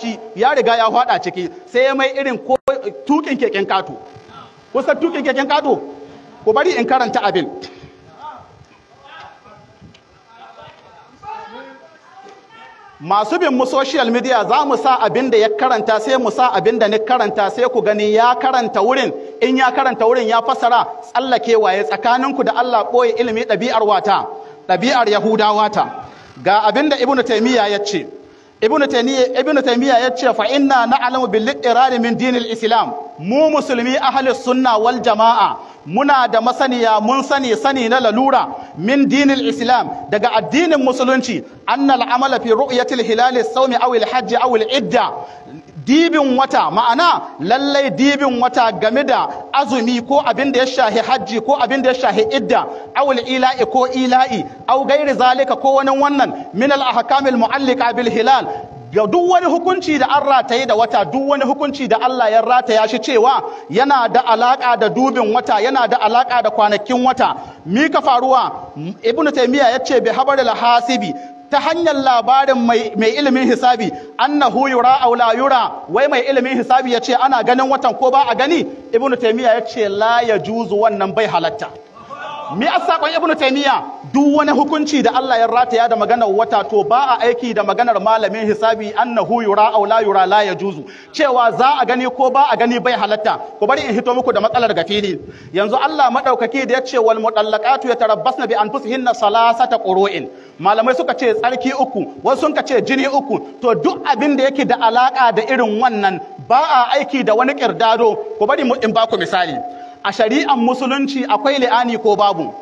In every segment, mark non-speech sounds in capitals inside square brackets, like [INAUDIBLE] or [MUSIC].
shi ya riga ya hwada ciki sai ya mai irin tukin keken kato kusa tukin keken kato ku bari in karanta abin masu bin mu social media za mu sa abin da ya karanta sai mu sa abin da ni karanta sai ku gani ya karanta wurin in ya karanta wurin ya fasara tsallakewa ya tsakaninku da Allah ɓoye ilimi ɗabi'ar wata ɗabi'ar yahudawa ta ga abin da ibnu taymiya ya ce ibnu taymiya ibnu taymiya yace fa inna na'lamu bil iqrar min dinil islam mu musulmi ahli sunna wal jamaa muna da masaniya mun sani sani na lalura min dinil islam daga addinin musulunci annal amala fi ru'yatil hilal as-sawmi aw al-hajj aw al-idda dibin wata ma'ana lallai dibin wata game da azumi ko abin da ya shahi hajji ko abin da ya shahi idda awul ila'i ko ila'i Augairi gairi zalika ko wani wannan min al ahkamil mu'allika bil hilal ga duk wani hukunci da an rataye da wata duk wani hukunci da Allah ya rataya shi cewa yana da alaka da dubin wata yana da alaka da kwanakin wata mi ka faruwa ibnu taymiya yace bi habaril hasibi ta hanyar labarin mai ilimin hisabi annahu yura aw la yura wai mai ilimin hisabi yace ana ganin watan ko ba a gani ibnu taymiya yace la juzu wannan bai halatta me asakon ibnu taymiya duk wani hukunci da Allah ya rataya da maganar wata to ba a aiki da maganar malamin hisabi annahu yura aw la yura la yajuzu cewa za a gani ko ba a gani bai halatta ku bari in hito muku da matsalar ga fili. yanzu Allah maɗaukaki da yace wal mudallaqatu yatarabbasna bi anfusihinna salasata qurun malamai suka ce tsarki uku wasu sun ce jini uku to duk abin da yake da alaka da irin wannan ba a aiki da wani kirdado ku bari mu in baku misali a shari'an musulunci akwai li'ani ko babu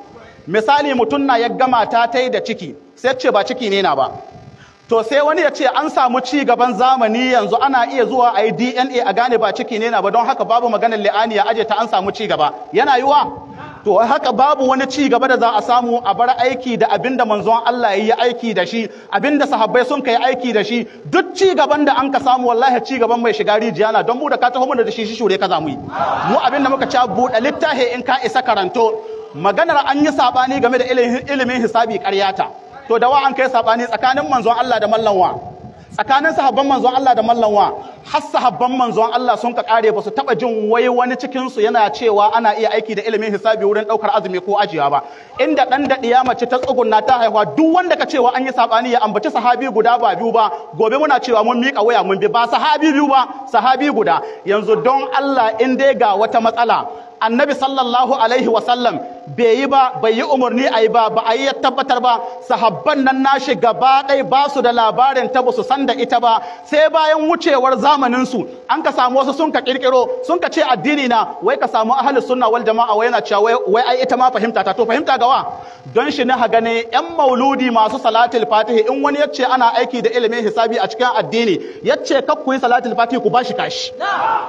misali mutum na ya gama ta tai da ciki sai ce ba ciki ne na ba to sai wani ya ce an samu ci gaban zamani yanzu ana iya zuwa a yi dna a gane ba ciki ne na ba don haka babu maganar li'ani ya aje ta an samu ci gaba yana yiwa to haka babu wani ci gaba da za a samu a bar aiki da abinda manzon Allah ya yi aiki da shi abinda sahabbai sun kai aiki da shi duk ci gaban da an ka samu wallahi ci gaban mai shiga rijiyana don mu da ka taho mana da shi shi shure ka mu yi mu abinda muka ca buɗe littafi in ka isa karanto maganar an yi sabani game da ilimin hisabi ƙaryata to da wa an kai sabani tsakanin manzon Allah da mallan wa. tsakanin sahabban manzon Allah da mallanwa har sahabban manzon Allah sun ka kare ba su taba jin wai wani cikin su yana cewa ana iya aiki da ilimin hisabi wurin daukar azumi ko ajiya ba inda dan da ya mace ta tsugunna ta haihuwa duk wanda ka cewa an yi sabani ya ambaci sahabi guda ba biyu ba gobe muna cewa mun mika waya mun bi ba sahabi biyu ba sahabi guda yanzu don Allah in dai ga wata matsala annabi sallallahu alaihi wasallam bai yi ba bai yi umarni a yi ba ba a yi ya tabbatar ba sahabban nan nashi gaba ɗaya ba su da labarin ta su san da ita ba sai bayan wucewar zamanin su an ka samu wasu sun ka kirkiro sun ka ce addini na wai ka samu ahalin sunna wal jama'a wai yana cewa wai ai ita ma fahimta ta to fahimta gawa don shi na gane yan mauludi masu salatul fatihi in wani yace ana aiki da ilimin hisabi a cikin addini yace ce ku yi salatul fatihi ku bashi kashi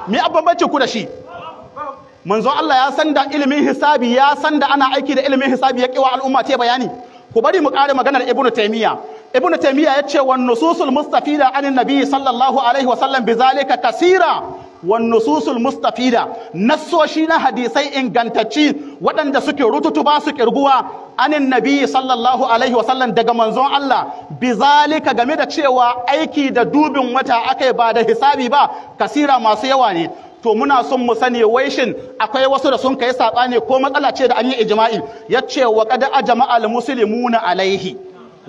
me abban ku da shi manzon Allah ya san da ilimin hisabi ya san da ana aiki da ilimin hisabi ya kiwa al'umma ce bayani ku bari mu kare maganar ibnu taymiya ibnu taymiya ya ce wan nususul mustafida anin nabi sallallahu alaihi bizalika kasira wan nususul mustafida nassoshi na hadisai ingantacci waɗanda suke rututu ba su kirguwa anin nabi sallallahu alaihi daga manzon Allah bizalika game da cewa aiki da dubin wata akai ba da hisabi ba kasira masu yawa ne to muna son mu sani wai shin akwai wasu da sun kai sabani ko matsala ce da an yi ijma'i yace wa qad ajma al muslimuna alaihi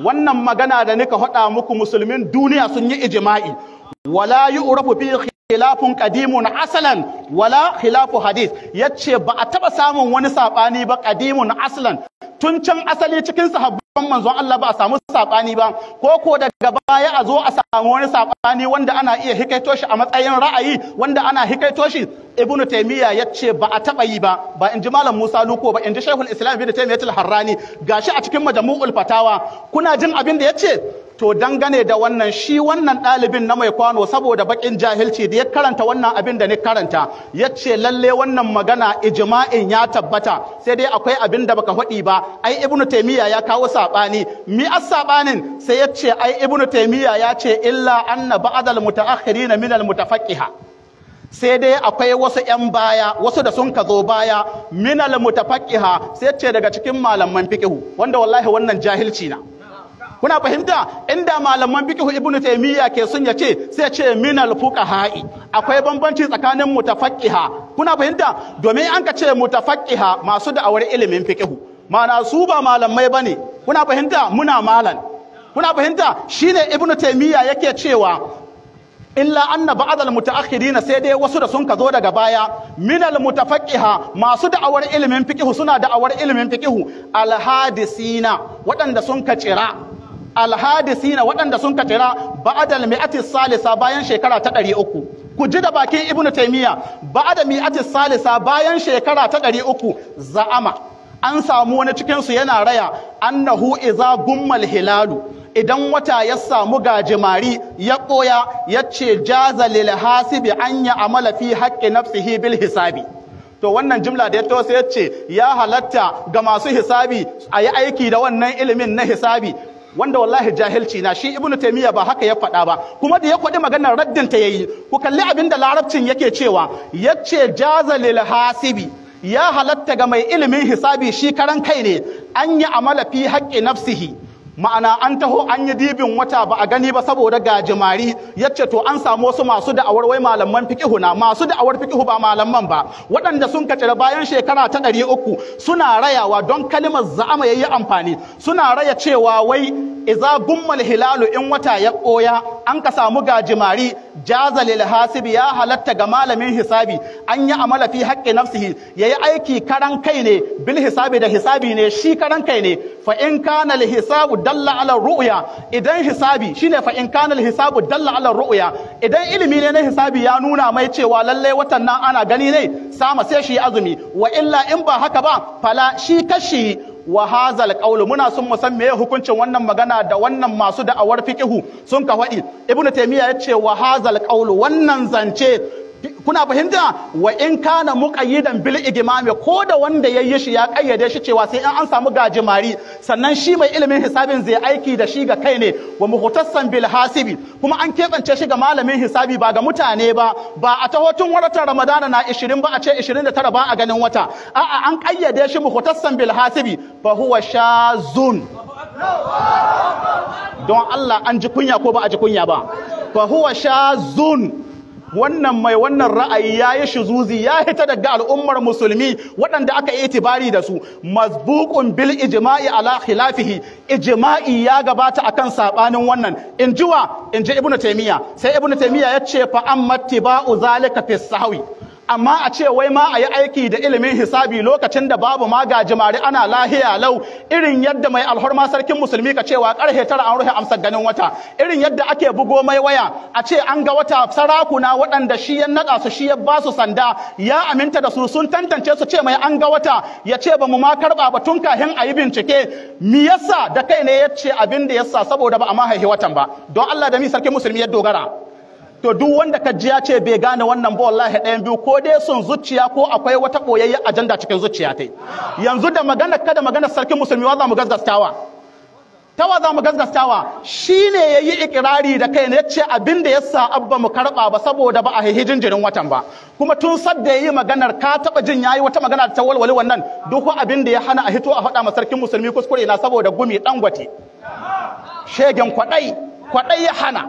wannan magana da nika hada muku musulmin duniya sun yi ijma'i wala yu'rafu fi khilafun qadimun asalan wala khilafu hadith yace ba a taba samun wani sabani ba qadimun aslan tun can asali cikin sahabbai sabon manzon Allah ba a samu sabani ba ko ko daga baya a zo a samu wani sabani wanda ana iya hikaito shi a matsayin ra'ayi wanda ana hikaito shi ibnu taymiya yace ba a taba yi ba ba inji malam Musa Luko ba in inji shaykhul Islam ibnu taymiya al-Harrani gashi a cikin majmu'ul fatawa kuna jin abin da yace to dangane da wannan shi wannan ɗalibin na mai kwano saboda bakin jahilci da ya karanta wannan abin da ni karanta ya ce lalle wannan magana ijima'in ya tabbata sai dai akwai abin da baka faɗi ba ai ibnu taymiya ya kawo saɓani, mi as sabanin sai ya ce ai ibnu taymiya ya ce illa anna ba'dal mutaakhirin min al mutafaqqiha sai dai akwai wasu 'yan baya wasu da sun ka zo baya minal mutafaqqiha sai ce daga cikin malaman fiqihu wanda wallahi wannan jahilci na kuna fahimta inda malaman fiqh ibnu taymiya ke sun yace sai ce min al fuqaha'i akwai bambanci tsakanin mutafaqqiha kuna fahimta domin an ka ce mutafaqqiha masu awar ilimin fiqh ma'ana su ba malamai bane kuna fahimta muna malan kuna fahimta shine ibnu taymiya yake cewa illa anna al mutaakhirin sai dai wasu da sun ka zo daga baya Min minal mutafaqqiha masu da'awar ilimin fiqh suna da awar ilimin fiqh alhadisina waɗanda sun ka tsira alhadisina waɗanda sun ka tira ba'adal mi'ati salisa bayan shekara ta ɗari uku ku ji da bakin ibn taymiya ba'ada mi'ati salisa bayan shekara ta ɗari uku za'ama an samu wani cikin su yana raya annahu iza gummal hilalu idan wata ya samu gajimari ya ɓoya ya ce jaza lil hasibi an ya amala fi haqqi nafsihi bil hisabi to wannan jimla da ya to sai ya ce ya halatta ga masu hisabi a yi aiki da wannan ilimin na hisabi wanda wallahi jahilci na shi ibnu taymiya ba haka ya faɗa ba kuma da ya kwaɗi maganar raddin ta yayi ku kalli abin da larabcin yake cewa yace jaza lil hasibi ya halatta ga mai ilimin hisabi shi karan kai ne an yi amala fi haƙƙi nafsihi ma'ana an taho an yi dibin wata ba a gani ba saboda gajimari ce to an samu wasu masu da'awar wai malaman fikihu na masu da'awar fikihu ba malaman ba waɗanda sun kacira bayan shekara ta ɗari uku suna rayawa don kalimar za'ama yi amfani suna raya cewa wai iza gummal hilalu in wata ya ƙoya an ka samu gajimari jaza lil hasibi ya halatta ga malamin hisabi an yi amala fi haqqi nafsihi yayi aiki karan kai ne bil hisabi da hisabi ne shi karan kai ne fa in kana al hisabu dalla ala ru'ya idan hisabi shine fa in kana al hisabu dalla ala ru'ya idan ilimi ne na hisabi ya nuna mai cewa lalle watan nan ana gani ne sama sai shi azumi wa illa in ba haka ba fala shi kashi wa hazal muna sun mu san meye hukuncin wannan magana da wannan masu da'awar fiqhu sun ka faɗi ibnu taymiya yace wa hazal qawlu wannan zance kuna fahimta wa in kana muqayyidan bil igmami ko da wanda yayi shi ya kayyade shi cewa sai in an samu gajimari sannan shi mai ilimin hisabin zai aiki da shi ga kai ne wa muhtassan bil hasibi kuma an kebance shi ga malamin hisabi ba ga mutane ba ba a tahotun watan ramadana na 20 ba a ce 29 ba a ganin wata a'a an kayyade shi muhtassan bil hasibi fa huwa shazun don Allah an ji kunya ko ba a ji kunya ba fa huwa shazun wannan mai wannan ra'ayi ya yi shuzuzi ya hita daga al'ummar musulmi waɗanda aka yi itibari da su mazbukun bil ijima'i ala khilafihi ijma'i ya gabata akan sabanin wannan in jiwa in ji ibnu taymiya sai ibnu taymiya ya ce fa amma tiba'u zalika fi sahwi amma a ce wai ma a yi aiki da ilimin hisabi lokacin da babu ma ga jimare ana lahiya lau irin yadda mai alhorma sarkin musulmi ka cewa karhe tara an ruhe amsar ganin wata irin yadda ake bugo mai waya a ce an ga wata sarakuna waɗanda shi ya naɗa su shi ya ba su sanda ya aminta da su sun tantance su ce mai an ga wata ya ce ba mu ma karɓa ba tun kafin a yi bincike mi yasa da kai ne ya ce abin da yasa saboda ba a ma haihi watan ba don Allah da mi sarkin musulmi ya dogara to duk wanda ka ji ya ce bai gane wannan ba wallahi ɗayan biyu ko dai sun zuciya ko akwai wata boyayya ajanda cikin zuciya ta. yanzu da magana ka da magana sarkin musulmi wa za mu Ta tawa za mu ne shine yayi ikirari da kai ne ce abin da ya sa abba mu karba ba saboda ba a hijin jirin watan ba kuma tun sadda yi maganar ka taba jin yayi wata magana ta walwali wannan duk abin da ya hana a hito a faɗa ma sarkin musulmi kuskure na saboda gumi dangwate shegen kwadai kwaɗai ya hana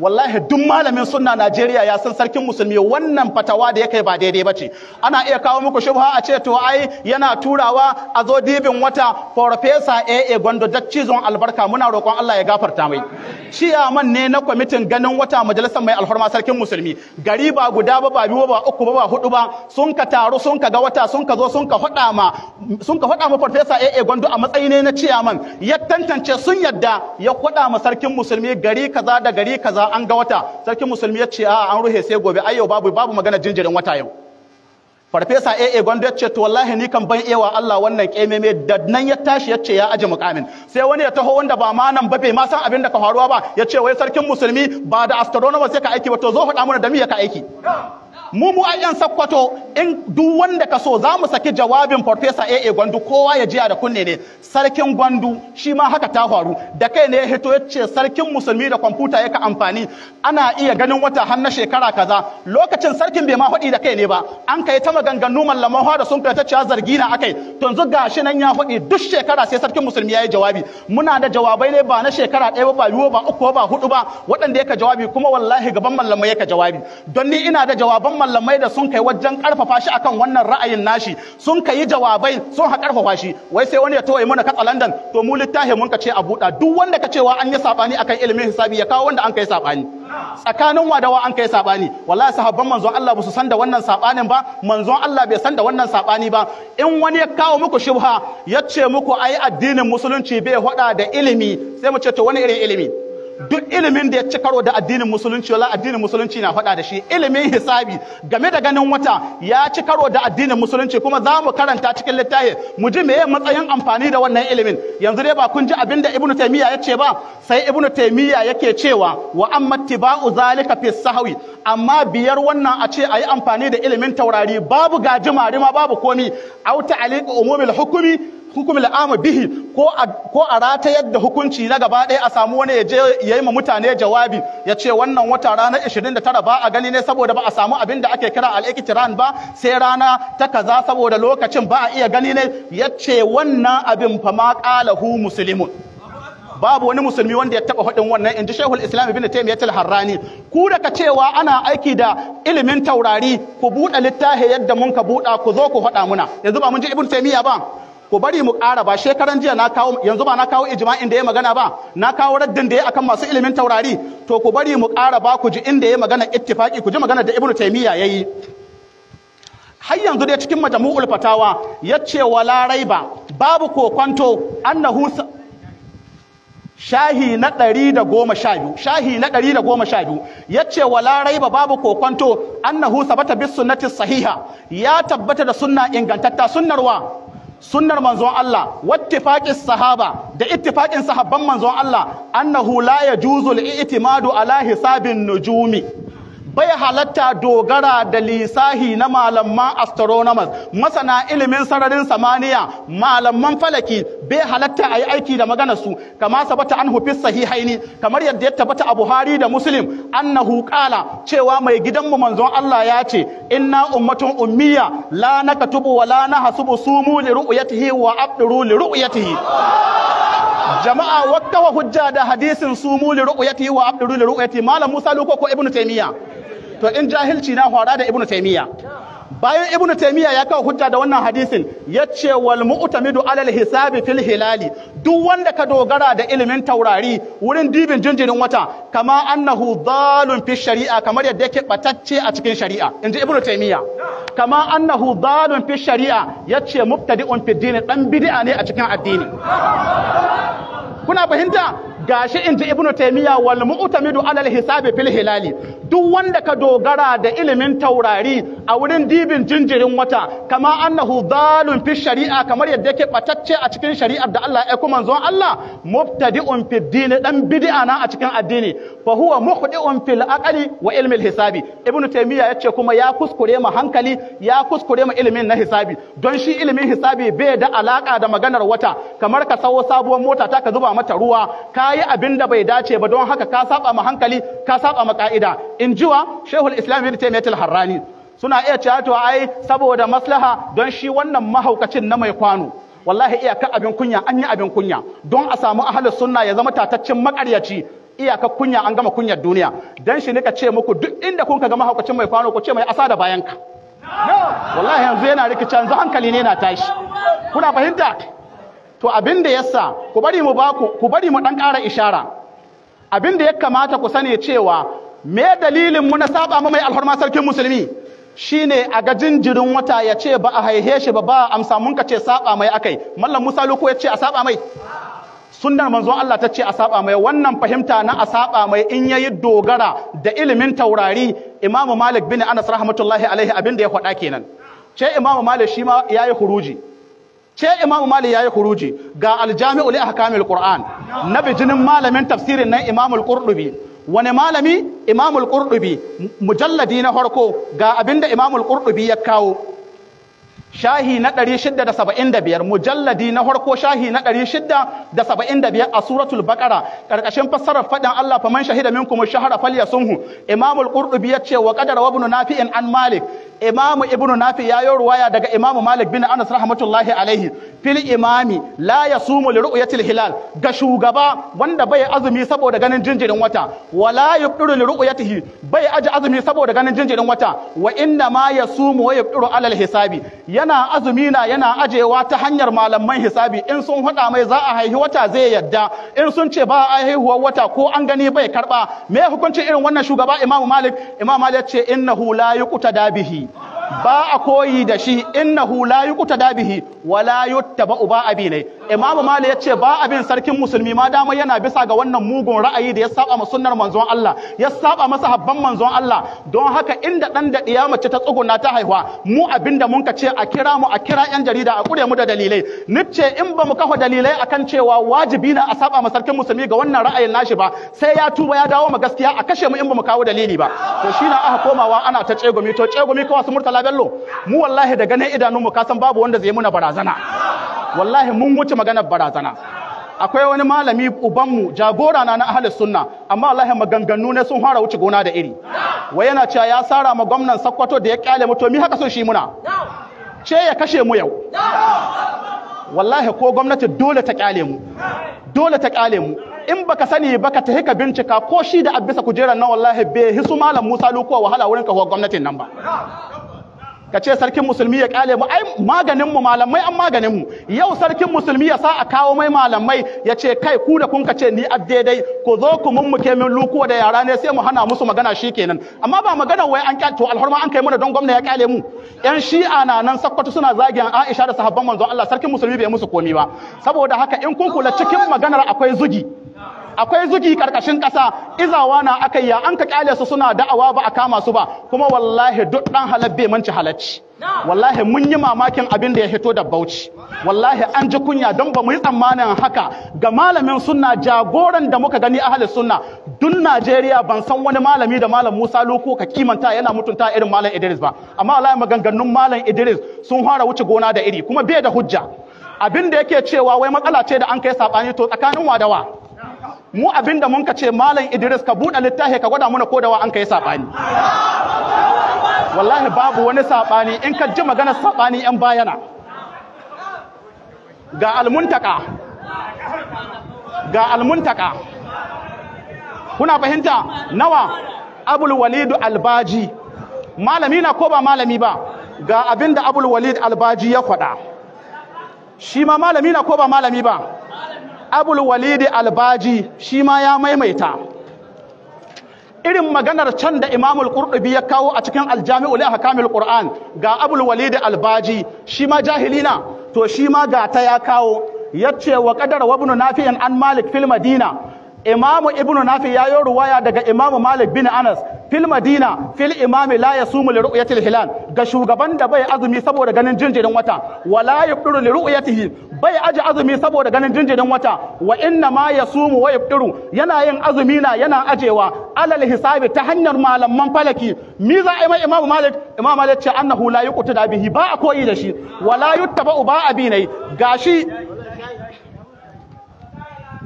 wallahi duk malamin sunna Najeriya ya san sarkin musulmi wannan fatawa da yake ba daidai ce. ana iya kawo muku shubha a ce to ai yana turawa a zo dibin wata professor AA Gondo cizon albarka muna roƙon Allah ya gafarta mai ciyaman ne na kwamitin ganin wata majalisar mai alhorma sarkin musulmi gari ba guda ba ba biyu ba uku ba ba hudu ba sun ka taru sun ka ga wata sun ka zo sun ka hada ma sun ka hada ma professor AA Gondo a matsayi ne na ciyaman ya tantance sun yadda ya kwada ma sarkin musulmi gari kaza da gari kaza cewa an ga wata sarkin musulmi ya ce a an ruhe sai gobe ayyau babu babu magana jinjirin wata yau farfesa AA gwanda ya ce to wallahi ni kan ban ewa Allah wannan kememe da nan ya tashi ya ce ya aji mukamin sai wani ya taho wanda ba ma nan ba bai ma san abin da ka faruwa ba ya ce wai sarkin musulmi ba da astronomer sai ka aiki ba to zo faɗa mana da mi ya ka aiki mu mu yan sakkwato in duk wanda ka so za mu saki jawabin farfesa AA Gwandu kowa ya jiya da kunne ne sarkin Gwandu shi ma haka ta faru da kai ne ya hito ya ce sarkin musulmi da kwamfuta yake amfani ana iya ganin wata har na shekara kaza lokacin sarkin bai ma hudi da kai ne ba an kai ta maganganu mallaman da sun kai ta ciya zargi na akai to yanzu shi nan ya hudi duk shekara sai sarkin musulmi ya yi jawabi muna da jawabai ne ba na shekara ɗaya ba biyu ba uku ba hudu ba waɗanda yake jawabi kuma wallahi gaban mallamai yake jawabi don ni ina da jawaban mallamai da sun kai wajen karfafa shi akan wannan ra'ayin nashi sun kai jawabai sun ha karfafa shi wai sai wani ya toye mana katsalandan to mu littafi mun ka ce a buɗa duk wanda ka cewa an yi sabani akan ilimin hisabi ya kawo wanda an kai sabani tsakanin wa da wa an kai sabani wallahi sahabban manzon Allah ba su san da wannan sabanin ba manzon Allah bai san da wannan sabani ba in wani ya kawo muku shubha ya ce muku ai addinin musulunci bai hada da ilimi sai mu ce to wani irin ilimi duk ilimin da ya ci karo da addinin musulunci wala addinin musulunci na faɗa da shi ilimin hisabi game da ganin wata ya ci karo da addinin musulunci kuma za mu karanta cikin littafi mu ji meye matsayin amfani da wannan ilimin yanzu dai ba kun ji abin da ibnu taymiya ya ce ba sai ibnu taymiya yake cewa wa amma tiba'u zalika fi sahwi amma biyar wannan a ce ayi amfani da ilimin taurari babu gajimari ma babu komi auta aliqu umumil hukumi hukumul amu bihi ko a ko a hukunci na gaba ɗaya a samu wani ya ya yi ma mutane jawabi ya ce wannan wata ranar 29 ba a gani ne saboda ba a samu abin da ake kira al ba sai rana ta kaza saboda lokacin ba a iya gani ne ya ce wannan abin fa ma qalahu muslimun babu wani musulmi wanda ya taba hudin wannan inji Sheikhul Islam Ibn Taymiyyah al-Harrani ku daga cewa ana aiki da ilimin taurari ku buɗe littafi yadda mun ka buɗa ku zo ku hada muna yanzu ba mun ji Ibn Taymiyyah ba ku bari mu ƙara ba shekaran jiya na kawo yanzu ba na kawo ijma'in da ya magana ba na kawo raddin da ya akan masu ilimin taurari to ku bari mu ƙara ba ku ji inda ya magana ittifaqi ku ji magana da ibnu taymiya yayi har yanzu dai cikin majmu'ul fatawa yace wala raiba babu kokwanto annahu shahi na ɗari da goma sha biyu shahi na ɗari da goma sha biyu ya ce wala raiba babu kokwanto annahu sabata bis sunnati sahiha ya tabbata da sunna ingantatta sunnarwa sunnar manzon Allah wattifaqis sahaba da ittifaqin sahabban manzon Allah annahu la yajuzu al-i'timadu ala hisabin nujumi bai halatta dogara da lisahi na malaman astronomers masana ilimin sararin samaniya malaman falaki bai halatta a yi aiki da maganar su kama sabata an hufi sahihaini kamar yadda ya tabbata a Buhari da Muslim annahu qala cewa mai gidanmu manzon Allah ya ce inna ummatun ummiya la nakatubu wa la nahsubu sumu li ru'yatihi wa abduru li ru'yatihi jama'a wakawa hujja da hadisin sumu li wa abduru li malam Musa Luko ko Ibn Taymiyyah to in jahilci na hwara da ibnu taymiya bayan ibnu taymiya ya kawo hujja da wannan hadisin yace wal mu'tamidu alal hisabi fil hilali duk wanda ka dogara da ilimin taurari wurin dibin jinjirin wata kama annahu dhalun fi shari'a kamar yadda yake batacce a cikin shari'a inji ibnu taymiya kama annahu dhalun fi shari'a yace mubtadi'un fi dini dan bid'a ne a cikin addini kuna fahimta gashi inji ibnu taymiya wal mu'tamidu ala al hisabi fil hilali duk wanda ka dogara da ilimin taurari a wurin dibin jinjirin wata kama annahu dalun fi shari'a kamar yadda yake batacce a cikin shari'ar da Allah ya kuma zuwa Allah mubtadi'un fi dini dan bid'a na a cikin addini fa huwa muhdi'un fil aqli wa ilmi al hisabi ibnu taymiya yace kuma ya kuskure ma hankali ya kuskure ma ilimin na hisabi don shi ilimin hisabi bai da alaka da maganar wata kamar ka sawo sabuwar mota ta ka zuba mata ruwa kai yi abin da bai dace ba don haka ka saba ma hankali ka saba ma ka'ida in jiwa shehul islam ibn taymiyyah harrani suna iya cewa to ai saboda maslaha don shi wannan mahaukacin na mai kwano wallahi iyaka abin kunya an yi abin kunya don a samu ahlus sunna ya zama tataccen makaryaci iyaka kunya an gama kunyar duniya dan shi ka ce muku duk inda kun ga mahaukacin mai kwano ku ce mai asa da bayanka wallahi yanzu yana rikicin hankali ne na tashi kuna fahimta to abin da yasa ku bari mu baku ku bari mu dan ƙara ishara abin da ya kamata ku sani cewa me dalilin mu na saba mu mai alhorma sarkin musulmi shine a ga jinjirin wata ya ce ba a haihe shi ba ba amsa mun ka ce saba mai akai mallam Musa ko ya ce a saba mai sunna manzon Allah ta ce a saba mai wannan fahimta na a saba mai in yayi dogara da ilimin taurari Imam Malik bin Anas rahmatullahi alaihi abin da ya faɗa kenan ce Imam Malik shi ma yayi huruji ce imamu malik yayi kuruji ga aljami'u li ahkamil qur'an na bijinin malamin tafsirin nan imamul qurdubi wani malami imamul qurdubi mujalladi na farko ga abinda imamul qurdubi ya kawo shahi na 675 mujalladi na harko shahi na 675 a suratul baqara karkashin fassarar fadin Allah faman shahida minkum shahara falyasunhu imamul qurtubi yace wa qadara wa ibn nafi'in an malik imamu ibnu nafi ya yi ruwaya daga imamu malik bin anas rahmatullahi alaihi fil imami la yasumu li ru'yatil hilal ga shugaba wanda bai azumi saboda ganin jinjirin wata wala yubdiru li ru'yatihi bai aji azumi saboda ganin jinjirin wata wa inna ma yasumu wa yubdiru alal hisabi yana azumi na yana ajewa ta hanyar malaman hisabi in sun haɗa mai za a haihu wata zai yadda in sun ce ba a haihuwar wata ko an gani bai karɓa me hukuncin irin wannan shugaba Imam malik imamu malik ce innahu la yuqta dabihi ba a koyi da shi innahu la yuqta dabihi wala yuttaba uba abi imamu mali ya ce ba abin sarkin musulmi ma dama yana bisa ga wannan mugun ra'ayi da ya saba ma sunnar manzon Allah ya saba masa habban manzon Allah don haka inda dan da diya mace ta tsuguna ta haihuwa mu abinda mun ka ce a kira mu a kira yan jarida a kure mu da dalilai nice in ba mu kafa dalilai akan cewa wajibi na a saba ma sarkin musulmi ga wannan ra'ayin nashi ba sai ya tuba ya dawo ma gaskiya a kashe mu in ba mu kawo dalili ba to shi na aka komawa ana ta tsegumi to tsegumi kawai su murtala bello mu wallahi da ganin idanun mu kasan babu wanda zai muna barazana wallahi mun wuce maganar barazana akwai wani malami ubanmu jagora na na ahalis sunna amma wallahi maganganu ne sun hara wuce gona da iri wai yana cewa ya sara ma gwamnan Sakkwato da ya kyale mu to mi haka so shi muna ce ya kashe mu yau wallahi ko gwamnati dole ta kyale mu dole ta kyale mu in baka sani baka tahi ka bincika ko shi da abisa kujerar na wallahi bai hisu malam Musa Lukuwa wahala wurin kawo gwamnatin nan ba ka ce sarkin musulmi ya kyale mu ai maganin mu malamai an maganin mu yau sarkin musulmi ya sa a kawo mai malamai ya ce kai ku da kun ka ce ni a ku zo ku mummuke min lukuwa da yara ne sai mu hana musu magana kenan. amma ba magana wai an kyale to alhorma an kai mana don gwamna ya kyale mu yan shi'a na nan sakkwato suna zagin Aisha da sahabban manzon Allah sarkin musulmi bai musu komi ba saboda haka in kun kula cikin maganar akwai zugi akwai zugi karkashin kasa izawa na aka yi an ka kyale su suna da'awa ba a kama su ba kuma wallahi duk dan halabbe manci halal bauchi wallahi mun yi mamakin abin da ya hito da bauchi wallahi an ji kunya don ba mu yi tsammanin haka ga malamin sunna jagoran da muka gani ahli sunna dun Najeriya ban san wani malami da malam Musa Loko ka kimanta yana mutunta irin malam Idris ba amma wallahi maganganun malam Idris sun fara wuce gona da iri kuma bai da hujja abin da yake cewa wai matsala ce da an kai sabani to tsakanin wa da wa mu abinda mun ka ce malam Idris ka buɗe littafi ka gwada muna kodawa an kai sabani wallahi babu wani sabani in ka ji maganar sabani yan bayana ga almuntaka ga almuntaka kuna fahimta nawa abul walidu albaji malami na ko ba malami ba ga abinda abul walid albaji ya faɗa shi ma malami na ko ba malami ba abul walidi albaji shi ma ya maimaita irin maganar can da imamul qurtubi ya kawo a cikin aljami'u li ahkamil qur'an ga abul walidi albaji shi ma jahilina to shi ma ga ta ya kawo yace wa qadar wa ibn nafi'in an malik fil madina imamu ibn nafi ya yi ruwaya daga imamu malik bin anas fil madina fil imami la yasumu li ru'yatil hilal ga shugaban da bai azumi saboda ganin jinjirin wata wala yafdiru li ru'yatihi bai aji azumi saboda ganin jinjirin wata wa inna ma yasumu wa yafdiru yana yin azumi na yana ajewa alal hisabi ta hanyar malaman falaki mi za a yi mai imamu malik imamu malik ce annahu la yuqtu da bihi ba a koyi da shi wala yuttaba ba a ne gashi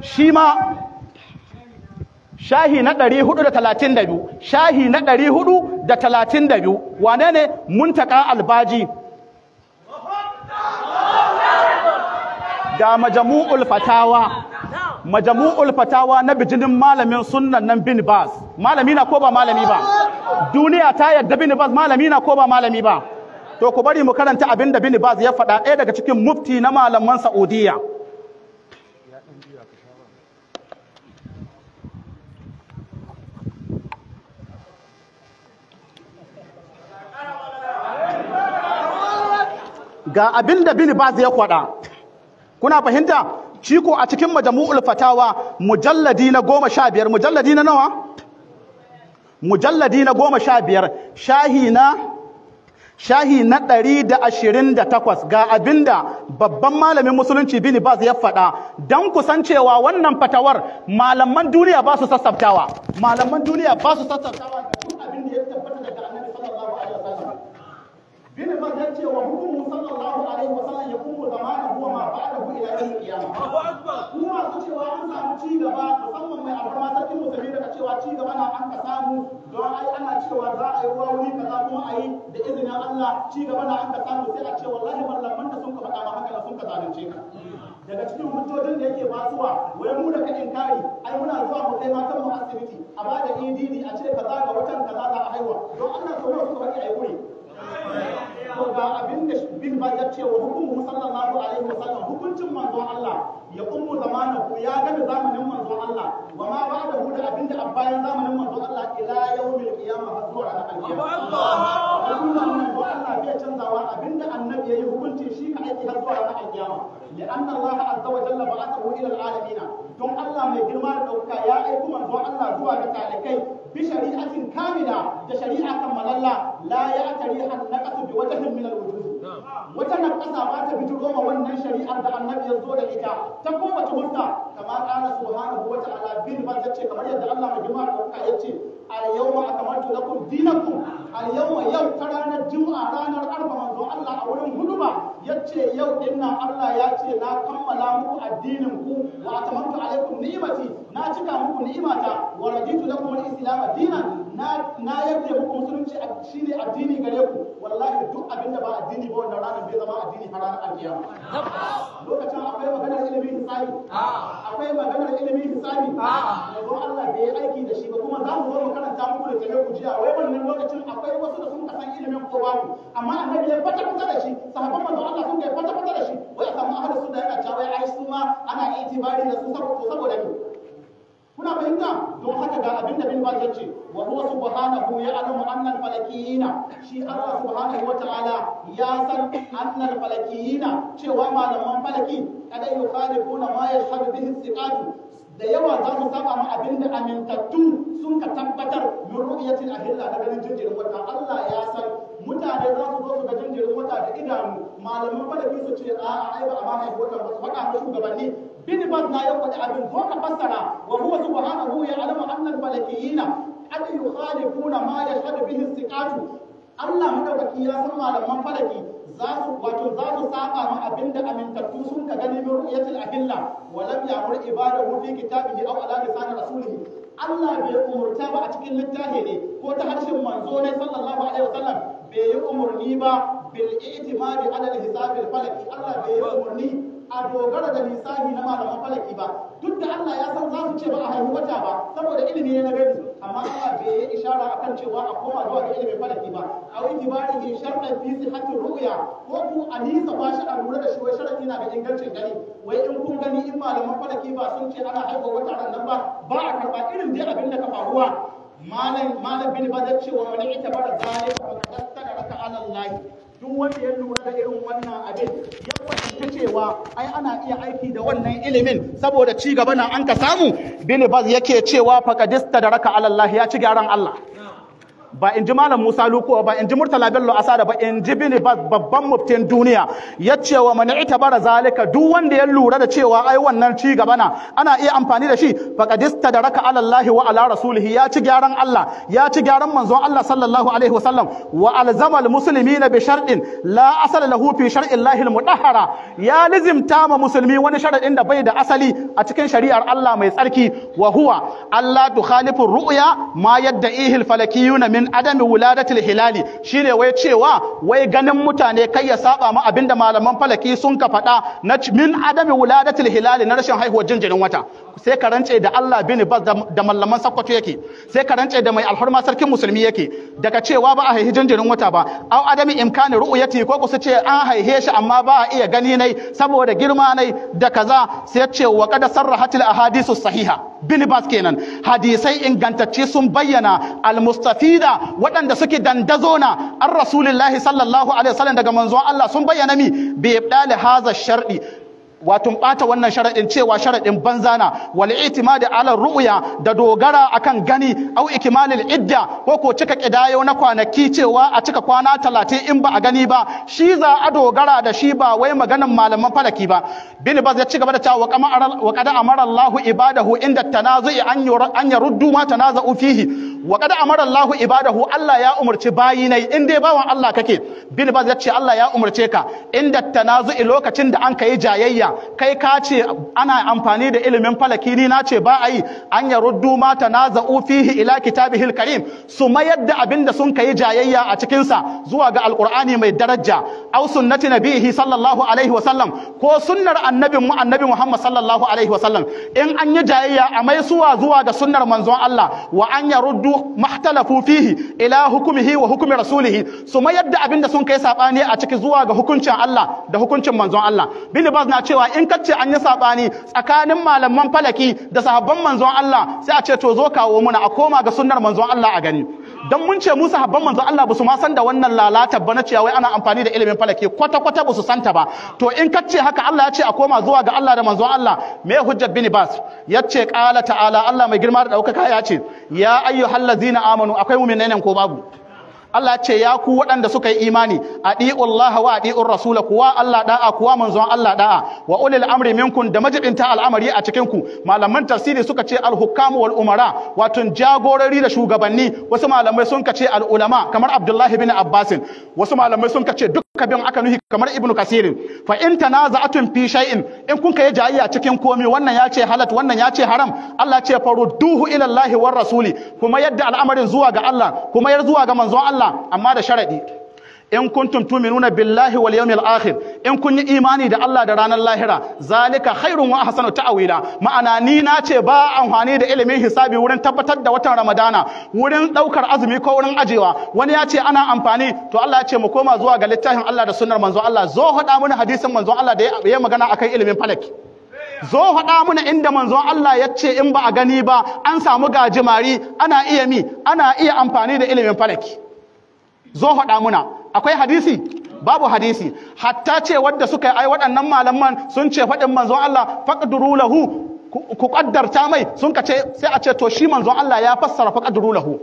shi ma shahi na ɗari hudu da talatin da biyu shahi na ɗari hudu da talatin da biyu wane ne muntaka albaji ga majamu'ul fatawa majamu'ul fatawa na bijinin malamin sunnan nan bin bas malami na ko ba malami ba duniya ta yadda bin bas malami na ko ba malami ba to ku bari mu karanta abin da bin bas ya faɗa ɗaya daga cikin mufti na malaman saudiya ga abin da bin ba ya kwada kuna fahimta shi ko a cikin majamu'ul fatawa mujalladi na goma sha biyar mujalladi na nawa mujalladi na goma sha biyar shahi na shahi na ɗari da ashirin da takwas ga abin da babban malamin musulunci bin ba ya faɗa don kusancewa wannan fatawar malaman duniya ba su sassaftawa malaman duniya ba su sassaftawa bin ba ya ce wa rayuwar ɗan kiyama mu masu cewa an samu ci gaba musamman mai alfarma sarkin musulmi daga cewa ci gaba na an ka samu don ai ana cewa za a yi ruwa wuri kaza kuma a yi da izinin Allah ci gaba na an ka samu sai a ce wallahi mallaman da sun ka faɗa ma haka sun ka zalunce ka daga cikin hujjojin da yake basuwa wai mu daga inkari ai muna zuwa mu kai matan mu asibiti a ba da idini e a ce kaza ga watan kaza za a haihuwa don ana so ne su bari a yi wuri Ko ga abin da bin ba ya ce wa hukumu sallallahu alaihi wa sallam hukuncin manzon Allah ya ummu zamana ku ya gada zamanin manzon Allah wa ma ba da abin da bayan zamanin manzo Allah ila yawmil qiyamah har zuwa ranar alkiyama Allah manzon Allah bai canzawa abin da annabi yayi hukunci shi ka aiki har zuwa ranar alkiyama li anna Allah azza wa jalla ba'athahu ila alamin don Allah mai girma da dauka ya aiko manzon Allah zuwa ga talikai bi shari'atin kamila da shari'a kammalalla la ya tari annaqatu bi wajhin min al-wujud wata naqasa ba ta bi roma wannan shari'ar da annabi ya zo da ita ta koma ta hurta kamar qala subhanahu wata ta'ala bin ba ce kamar yadda Allah mai girma da ya ce a kamar akamaltu lakum dinakum a yau yau ta ranar juma'a ranar arba manzo Allah a wurin huduma ya ce yau inna Allah ya ce na kammala muku addinin ku wa atamamtu alaikum ni'mati na cika muku ni'imata wa raditu lakum al-islam Dina na na yarda muku musulunci shine addini gare ku wallahi duk abin da ba addini ba wannan ranar bai zama addini har ranar alkiyama lokacin akwai maganar ilimin hisabi akwai maganar ilimin hisabi manzo Allah bai aiki da shi ba kuma za mu zo mu karanta muku da tare ku jiya wai wannan lokacin akwai akwai wasu da sun kasan ilimin ko amma annabi ya fata fata da shi sahabban manzo Allah sun kai fata fata da shi wai amma ahlus sunna yana cewa ai su ma ana itibari da su saboda me kuna fahimta don haka ga abin da bin ba ya ce wa huwa subhanahu ya'lamu anna al-falakiyina shi Allah subhanahu wa ya san anna al cewa malaman falaki kada yukhalifuna ma yashhabu bihi istiqatu da yawa za su saba ma abin da amintattu sun ka tabbatar min ru'yatil ahilla na ganin jinjirin wata Allah ya san mutane za su zo su ga jinjirin wata da idanu malaman malafi su ce a a ai ba a ma wata ba su faɗa ma shugabanni bin ban na ya faɗi abin zo ka fassara wa huwa subhanahu ya alama annal malakiyina qad yukhalifuna ma yashhadu bihi istiqatu Allah madaukaki ya san malaman falaki wato za su saba ma abinda amintattu sun ka gani min ru'yatil adilla wa lam ya'mur ibadahu fi kitabihi aw ala lisan rasulihi Allah bai umurta ba a cikin littafi ne ko ta harshen manzo ne sallallahu alaihi wasallam bai yi umurni ba bil i'timadi ala al falaki Allah bai yi umurni a dogara da lisani na malaman falaki ba duk da Allah ya san za su ce ba a haihu wata ba saboda ilimi ne na gari amma Allah bai yi ishara akan cewa a koma zuwa ga ilimin falaki ba a wani dibari ne sharɗan fi sihatin ru'ya ko ku a nisa ba shi a lura da shi wai sharadi na ga ingancin gani wai in kun gani in malaman falaki ba sun ce ana haihuwa wata ran nan ba ba a karɓa irin dai abin da ka faruwa malam malam bin badar cewa wani ita bara zalika fa kastara ka ala Allah duk wanda ya lura da irin wannan abin ya ta cewa ai ana iya aiki da wannan ilimin saboda ci gaba na an ka samu bin baz yake cewa faqadista da raka alallahi ya ci gyaran Allah ba in ji malam Musa Lukuwa ba in ji Murtala Bello Asada ba in ji Bini babban muftin duniya ya ce wa man bara zalika duk wanda ya lura da cewa ai wannan ci gaba na ana iya amfani da shi faqadista da raka ala Allah wa ala rasulihi ya ci gyaran Allah ya ci gyaran manzon Allah sallallahu alaihi wasallam wa alzama almuslimina bi shar'in la asala lahu fi shar'i Allah almudahhara ya lizimta ma musulmi wani sharadin da bai da asali a cikin shari'ar Allah mai tsarki wa huwa du tukhalifu ru'ya ma yadda'ihi alfalakiyuna min min adami wuladatul hilali shine wai cewa wai ganin mutane kai ya saba mu abinda malaman falaki sun ka faɗa na min adami wuladatul hilali na rashin haihuwar jinjirin wata sai ka rance da Allah bin bas da mallaman sakkwato yake sai ka rance da mai alhurma sarkin musulmi yake daga cewa ba a haihi jinjirin wata ba au adami imkani ru'yati ko ku ce an haihe shi amma ba a iya gani nai saboda girma nai da kaza sai ce wa qad sarrahatil ahadithus sahiha bin bas kenan hadisai ingantacce sun bayyana al mustafida waɗanda suke dandazo na an rasulullahi sallallahu alaihi wasallam daga manzon Allah sun bayyana mi bi ibdali haza shar'i wato bata wannan sharadin cewa sharadin na. wal itimadi ala ru'ya da dogara akan gani au ikmalil idda ko ko cika kidayo na kwanaki cewa a cika kwana 30 in ba a gani ba shi za a dogara da shi ba wai maganan malaman falaki ba bin baz ya ci gaba da cewa wa qad amara Allahu ibadahu inda tanazu'i an yuruddu ma tanaza'u fihi wa kada amara Allah ibadahu Allah ya umarci bayinai in dai bawan Allah kake bin baz ya ce Allah ya umarce ka inda tanazu'i lokacin da an kai jayayya kai ka ce ana amfani da ilimin falaki ni na ce ba a yi an ya ruddu ma tanaza'u fihi ila kitabihil karim su mayar da abin da sun kai jayayya a cikin sa zuwa ga alqur'ani mai daraja aw sunnati nabihi sallallahu alaihi wa sallam ko sunnar annabin mu annabi Muhammad sallallahu alaihi wa sallam in an yi jayayya a mai suwa zuwa ga sunnar manzon Allah wa an ya ruddu yuraddu mahtalafu fihi ila hukumihi wa hukumi rasulihi su abin da sun kai sabani a ciki zuwa ga hukuncin Allah da hukuncin manzon Allah bin bas na cewa in kace an yi sabani tsakanin malaman falaki da sahabban manzon Allah sai a ce to zo kawo muna a koma ga sunnar manzon Allah a gani don mun ce Musa habban manzo Allah ba su ma san da wannan lalata ba na cewa wai ana amfani da ilimin falaki kwata kwata ba su santa ba to in ka ce haka Allah ya ce a koma zuwa ga Allah da manzo Allah me hujjar bin bas ya ce qala ta'ala Allah mai girma da daukaka ya ce ya ayyuhallazina amanu akwai mu'minai ko babu Allah ce ya ku waɗanda suka yi imani adi'ullaha wa adi'ur rasul kuwa Allah da'a kuwa manzon Allah da'a wa ulil amri minkum da majibinta al'amari a cikin ku malaman tafsiri suka ce al hukamu wal umara wato jagorori da shugabanni wasu malamai sun ce al ulama kamar Abdullahi bin Abbasin wasu malamai sun kace duk ka bin aka nuhi kamar ibn kasir fa in tanaza'atun fi shay'in in kun kai jayayya cikin komai wannan ya ce halat wannan ya ce haram Allah ce farudduhu ila Allah war rasuli kuma yadda al'amarin zuwa ga Allah kuma yar zuwa ga manzon Allah amma da sharadi in kuntum tu'minuna billahi wal yawmil akhir in kun yi imani da Allah da ranar lahira zalika khairun wa ahsanu ta'wila ma'ana ni na ce ba amfani da ilimin hisabi wurin tabbatar da watan ramadana wurin daukar azumi ko wurin ajewa wani ya ce ana amfani to Allah ya ce mu koma zuwa ga littafin Allah da sunnar manzon Allah zo hada mana hadisin manzon Allah da ya magana akan ilimin falak. zo faɗa mana inda manzon Allah ya ce in ba a gani ba an samu gajimari ana iya mi ana iya amfani da ilimin falaki zo haɗa muna akwai hadisi babu hadisi hatta ce wadda suka yi waɗannan malaman sun ce faɗin manzon Allah faqduru lahu ku ƙaddarta mai sun ka ce sai a ce to shi manzon Allah ya fassara faqduru lahu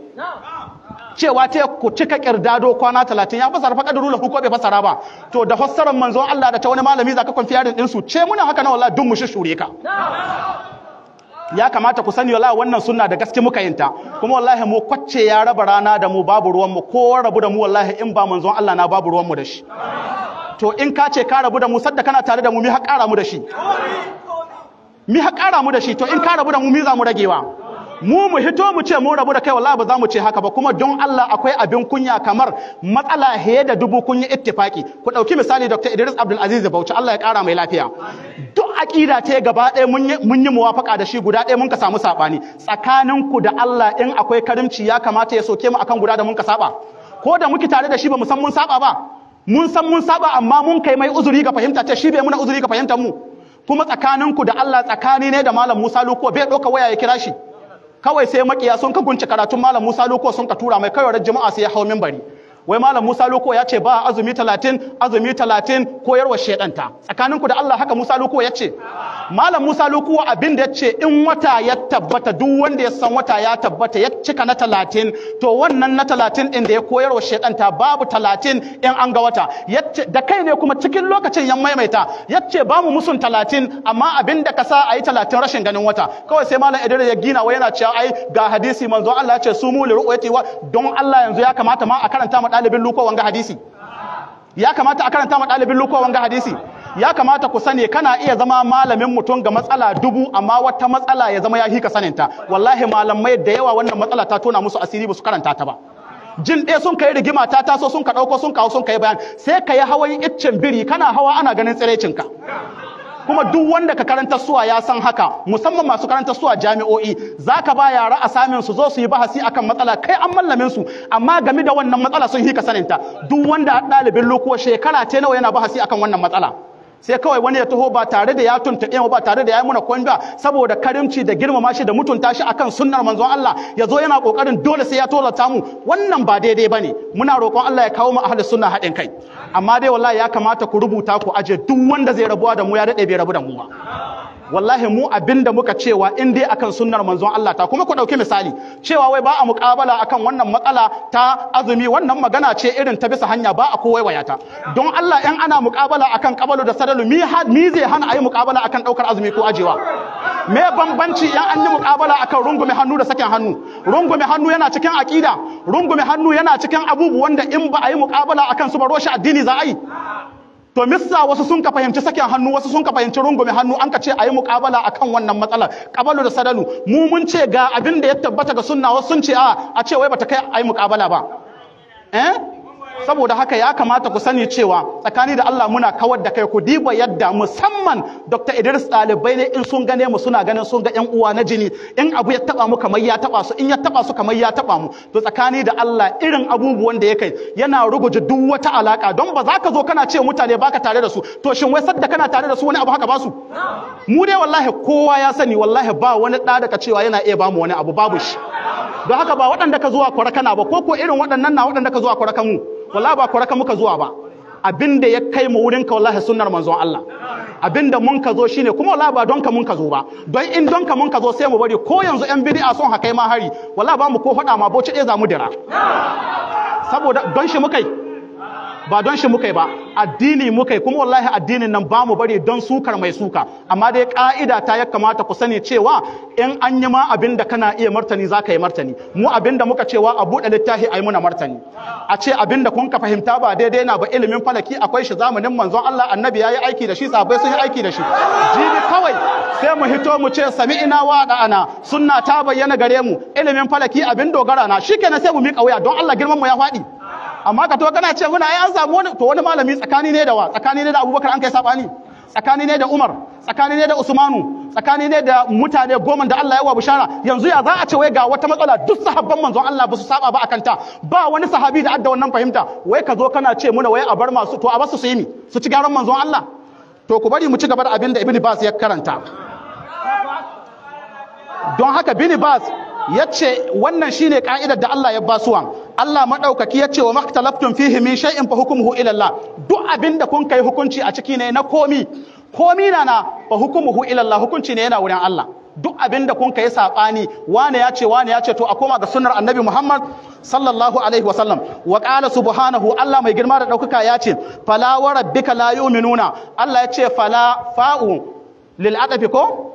cewa ta ku cika ƙirdado kwana talatin ya fassara faqduru lahu ko bai fassara ba to da fassarar manzon Allah da ta wani malami zaka kwamfiyarin din su ce muna haka na wallahi dun mu shure ka ya kamata ku sani wallahi wannan sunna da gaske muka yinta kuma wallahi mu kwacce ya raba rana da mu babu ruwan mu ko rabu da mu wallahi in ba manzon Allah na babu ruwan mu da shi to in ka ce ka rabu da mu sadda kana tare da mu mi ha kara mu da shi mi ha kara mu da shi to in ka rabu da mu mi za mu ragewa mu mu hito mu ce mun rabu da kai wallahi ba za mu ce haka ba kuma don Allah akwai abin kunya kamar matsala heye da dubu kunya ittifaki ku dauki misali Dr. Idris Abdul Aziz Bauchi Allah ya kara mai lafiya duk akida ta gaba ɗaya mun yi mun yi muwafaka da shi guda ɗaya mun ka samu sabani tsakanin da Allah in akwai karimci ya kamata ya soke mu akan guda da mun ka saba ko da muke tare da shi ba mu san mun saba ba mun san mun saba amma mun kai mai uzuri ga fahimta ce shi bai muna uzuri ga fahimtar mu kuma tsakaninku da Allah tsakani ne da Malam Musa Luko bai ɗauka waya ya kira shi kawai sai makiya sun ka gunce karatun malam Musa luko sun ka tura mai kawai juma'a sai ya hau minbari wai malam Musa Loko ya ce ba azumi 30 azumi 30 koyarwa shedanta tsakaninku da Allah haka Musa Loko ya ce malam Musa Loko abin da ya ce in wata ya tabbata duk wanda ya san wata ya tabbata ya cika na 30 to wannan na 30 din da ya koyarwa shedanta babu 30 in an ga wata yace da kai ne kuma cikin lokacin ya maimaita yace ba mu musun 30 amma abin da ka sa ayi 30 rashin ganin wata kawai sai malam Idris ya gina wa yana cewa ai ga hadisi manzo Allah ya ce su mu li ru'yati wa don Allah yanzu ya kamata ma a karanta ɗalibin luko wanga hadisi ya kamata a karanta ma ɗalibin luko wanga hadisi ya kamata ku sani kana iya zama malamin mutum ga matsala dubu amma wata matsala ya zama ya hika saninta wallahi malamai da yawa wannan matsala ta tona musu asiri ba su karanta ta ba jin ɗaya sun kai rigima ta taso sun ka ɗauko sun kawo sun kai bayan sai ka yi hawan iccen biri kana hawa ana ganin tsiraicinka. kuma duk wanda ka karanta suwa ya san haka musamman masu karanta suwa jami'o'i za ka ba yara a asamin su zo su yi bahasi akan matsala kai an mallamin su amma game da wannan matsala sun hika saninta duk wanda ɗalibin lokuwa shekara ce nawa yana bahasi akan wannan matsala sai kawai wani ya taho ba tare da ya tuntuɓe mu ba tare da ya yi muna kwan ba saboda karimci da girmama shi da mutunta shi akan sunnar manzon Allah ya zo yana ƙoƙarin dole sai ya tolata mu wannan ba daidai ba ne muna roƙon Allah ya kawo mu ahli sunna haɗin kai amma dai wallahi ya kamata ku rubuta ku ajiye duk wanda zai rabuwa da mu ya daɗe bai rabu da mu ba wallahi mu abinda muka cewa in dai akan sunnar manzon Allah ta kuma ku dauki misali cewa wai ba a muƙabala akan wannan matsala ta azumi wannan magana ce irin ta bisa hanya ba a kowai wayata don Allah in ana mukabala akan kabalu da sadalu mi mi zai hana ayi mukabala akan daukar azumi ko ajewa me bambanci yan an yi mukabala akan rungume hannu da sakin hannu rungume hannu yana cikin aqida rungume hannu yana cikin abubuwan da in ba a yi mukabala akan su ba roshi addini za a yi to missa wasu sun ka fahimci sakin hannu wasu sun ka fahimci rungume hannu an ka ce a yi muƙabala a kan wannan matsalar ƙabalu da sadalu mu mun ce ga abin da ya tabbata ga sunna wasu sun ce a a ce wai bata kai a yi muƙabala ba eh saboda haka ya kamata ku sani cewa tsakani da Allah muna kawar da kai ku diba yadda musamman Dr. Idris ɗalibai ne in sun gane mu suna ganin sun ga 'yan uwa na jini in abu ya taba mu kamar ya taba su in ya taba su kamar ya taba mu to tsakani da Allah irin abubuwan da ya kai yana ruguje duk wata alaka don ba za ka zo kana ce mutane baka tare da su to shin wai sadda kana tare da su wani abu haka ba su mu dai wallahi kowa ya sani wallahi ba wani ɗa daga cewa yana iya bamu wani abu babu shi don haka ba waɗanda ka zuwa kwara kana ba ko ko irin waɗannan na waɗanda ka zuwa kwara kanmu wallahi ba kwaraka muka zuwa ba abinda ya kai mu wurin ka wallahi sunnar manzon Allah abinda mun ka zo shine kuma wallahi ba don mun ka zo ba don in don mun ka zo sai mu bari ko yanzu yan bid'a son haka ma hari wallahi ba mu ko fada ma boce ɗaya za mu dira saboda don shi mukai ba don shi muka yi ba addini muka yi kuma wallahi addinin nan ba mu bari don sukar mai suka amma dai ka'ida ta ya kamata ku sani cewa in an yi ma abin da kana iya martani za ka yi martani mu abin da muka cewa a buɗe littafi a yi muna martani a ce abin da kun ka fahimta ba daidai na ba ilimin falaki akwai shi zamanin manzon Allah annabi ya yi aiki da shi sabai sun yi aiki da shi jibi kawai sai mu hito mu ce sami ina wa ana? sunna ta bayyana gare mu ilimin falaki abin dogara na shikenan sai mu miƙa wuya don Allah girman mu ya faɗi amma ka to kana ce muna ai an samu wani to wani malami tsakani ne da wa tsakani ne da Abubakar an kai sabani tsakani ne da Umar tsakani ne da Usmanu tsakani ne da mutane goma da Allah ya wa bushara? yanzu ya za a ce wai ga wata matsala duk sahabban manzon Allah ba su saba ba akan ta ba wani sahabi da adda wannan fahimta wai ka zo kana ce muna wai a bar masu to a basu su yi ni? su ci garan manzon Allah to ku bari mu ci gaba da abin da Ibn Bas ya karanta don haka bini Bas ya ce wannan shine ka'idar da Allah ya basuwa Allah maɗaukaki ya ce wa maktalaftum fihi min shay'in fa hukmuhu ila Allah duk abinda kun kai hukunci a ciki ne na komi komi na na fa hukmuhu ila Allah hukunci ne yana wurin Allah duk abinda kun kai sabani wane ya ce wane ya ce to a koma ga sunnar annabi Muhammad sallallahu alaihi wa sallam wa qala subhanahu Allah mai girma da daukaka ya ce fala wa la yu'minuna Allah ya ce fala fa'u lil adafi ko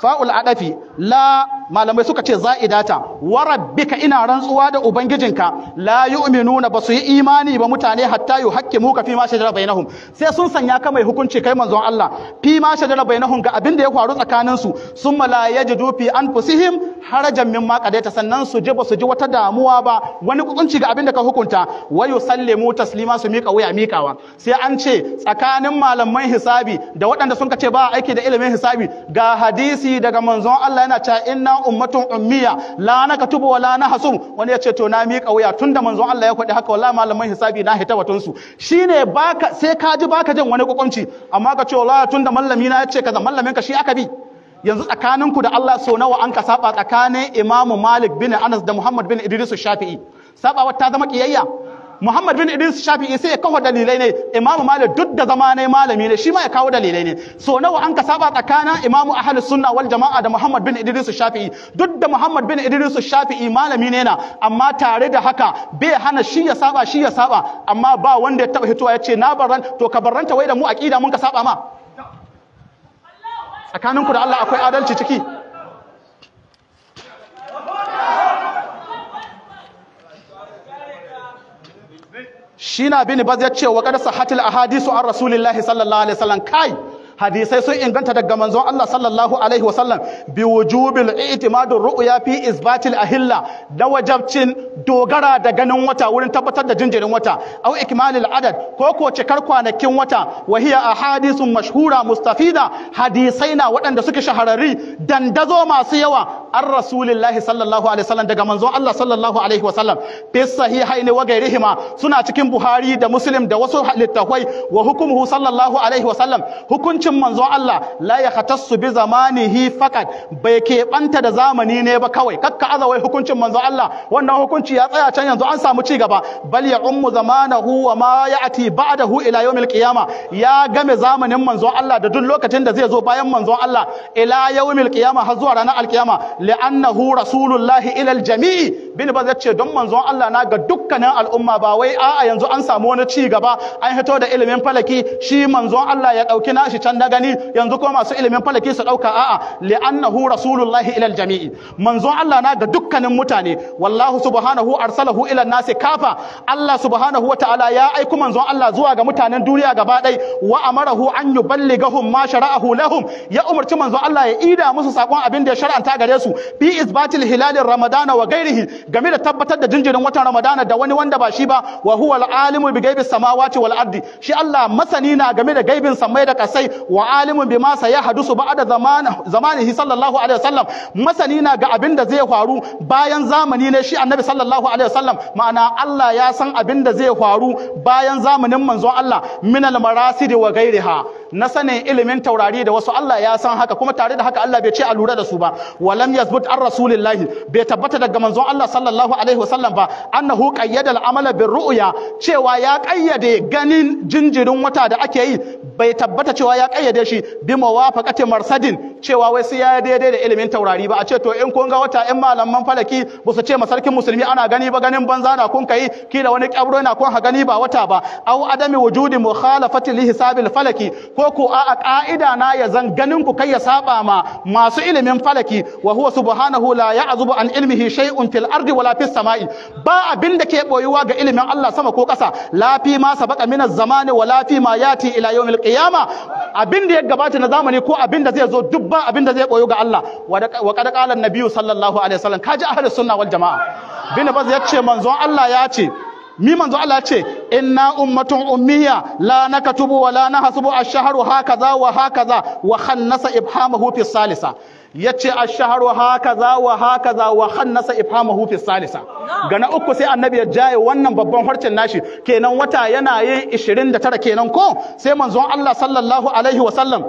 fa'ul adafi la malamai suka ce za'idata wa rabbika ina rantsuwa da ubangijinka la yi ba su yi imani ba mutane hatta haƙƙi ka fi ma shajara nahun sai sun sanya ka mai hukunci kai manzon Allah fi ma shajara nahun ga abin da ya faru tsakanin su ya ji dufi an fusihim harajan mimma qadaita sannan su ji su ji wata damuwa ba wani kutsunci ga abin da ka hukunta wa yusallimu taslima su mika wuya mikawa sai an ce tsakanin malamai hisabi da waɗanda sun ka ce ba aiki da ilimin hisabi ga hadisi hadisi daga manzon Allah yana cewa inna ummatun ummiya la nakatubu wa la nahsum wani yace to na miƙa wuya tunda manzon Allah ya kwadi haka wallahi malaman hisabi na hita batun su shine baka sai ka ji baka jin wani kokonci amma ka ce wallahi tunda mallami na yace ce kaza mallamin ka shi aka bi yanzu tsakaninku da Allah so nawa an ka saba tsakanin Imam Malik bin Anas da Muhammad bin Idris Shafi'i saba ta zama kiyayya Muhammad bin Idris Shafi'i sai ya kawo dalilai ne Imam Malik duk da zama ne malami ne shi ma ya kawo dalilai ne so nawa an ka saba tsakanin Imam Ahli Sunna wal Jama'a da Muhammad bin Idris Shafi'i duk da Muhammad bin Idris Shafi'i malami ne na amma tare da haka bai hana shi ya saba shi ya saba amma ba wanda ya taba hitowa ya ce na baran to ka baranta wai da mu aqida mun ka saba ma tsakaninku da Allah akwai adalci ciki shi na bin baz ya ce wa kada sahatil ahadisu an rasulillahi sallallahu alaihi wasallam kai hadisai sun inganta daga manzon Allah sallallahu alaihi wasallam bi wujubil i'timadur ru'ya fi isbatil ahilla da wajabcin dogara da ganin wata wurin tabbatar da jinjirin wata au ikmalil adad ko ko cikar kwanakin wata wa hiya ahadithun mashhura mustafida hadisai na waɗanda suke shahararri dandazo masu yawa an rasulillahi sallallahu alaihi wasallam daga manzon Allah sallallahu alaihi wasallam fi sahihaini wa gairihima suna cikin Buhari da Muslim da wasu littafai wa hukumuhu sallallahu alaihi wasallam hukunci hukuncin manzon Allah la ya khatassu bi zamanihi faqat bai keɓanta da zamani ne ba kawai kakka azawai hukuncin manzon Allah wannan hukunci ya tsaya can yanzu an samu ci gaba bal ya ummu zamanahu wa ma ya'ti ba'dahu ila yawmil qiyama ya game zamanin manzon Allah da duk lokacin da zai zo bayan manzon Allah ila yawmil qiyama har zuwa ranar alkiyama li'annahu rasulullahi ila aljami'i bin ba zai ce don manzon Allah na ga dukkanin al'umma ba wai a'a yanzu an samu wani ci gaba an hito da ilimin falaki shi manzon Allah ya dauki nashi can can na gani yanzu kuma masu ilimin falaki su ɗauka a'a li'annahu rasulullahi ilal jami'i manzo Allah na ga dukkanin mutane wallahu subhanahu arsalahu ilan nasi kafa Allah subhanahu wa ta'ala ya aiku manzon Allah zuwa ga mutanen duniya gaba ɗai wa amarahu an yuballighahum ma shara'ahu lahum ya umarci manzon Allah ya ida musu sakon abin da ya shar'anta gare su bi isbatil hilalin ramadana wa gairihi game da tabbatar da jinjirin watan ramadana da wani wanda ba shi ba wa huwa al-alimu bi ghaibis samawati wal ardi shi Allah masani na game da gaibin samai da kasai wa alimun bima sayahdusu ba'da zaman zamanihi sallallahu alaihi wasallam masani na ga abin da zai faru bayan zamani ne shi annabi sallallahu alaihi wasallam ma'ana Allah ya san abin da zai faru bayan zamanin manzon Allah min al marasid wa ghairiha na sanin ilimin taurari da wasu Allah ya san haka kuma tare da haka Allah bai ce a lura da su ba walam yasbut an rasulillahi bai tabbata daga manzon Allah sallallahu alaihi wasallam ba annahu qayyada al amala bir ru'ya cewa ya kayyade ganin jinjirin wata da ake yi bai tabbata cewa ya kayyade shi bi muwafaqati marsadin cewa wai sai ya daidai da ilimin taurari ba a ce to in kun ga wata in malaman falaki ba su ce masarkin musulmi ana gani ba ganin banza na kun kai kila wani kabro na kun ha gani ba wata ba aw adami wujudi mukhalafati li hisabil falaki ko ku a ka'ida na ya zan ganin ku kai ya saba ma masu ilimin falaki wa huwa subhanahu la ya'zubu an ilmihi shay'un fil ardi wala fis sama'i ba abin da ke boyuwa ga ilimin Allah sama ko ƙasa lafi fi ma sabaqa min zamani wa lafi ma yati ila yawmil qiyama abin da ya gabata na zamani ko abin da zai zo duk ba abin da zai koyo ga Allah wa qad qala nabiyyu sallallahu alaihi wasallam kaji ahlus sunna wal jamaa bin baz ya ce manzon Allah ya ce mi manzo Allah ce inna ummatun ummiya la nakatubu wa la nahsubu ash-shahru hakaza wa hakaza wa khannasa ibhamahu fi salisa yace ash-shahru hakaza wa hakaza wa khannasa ifhamahu fi salisa ga na uku sai annabi ya jaye wannan babban harcin nashi kenan wata yana yin 29 kenan ko sai manzon Allah sallallahu alaihi wa sallam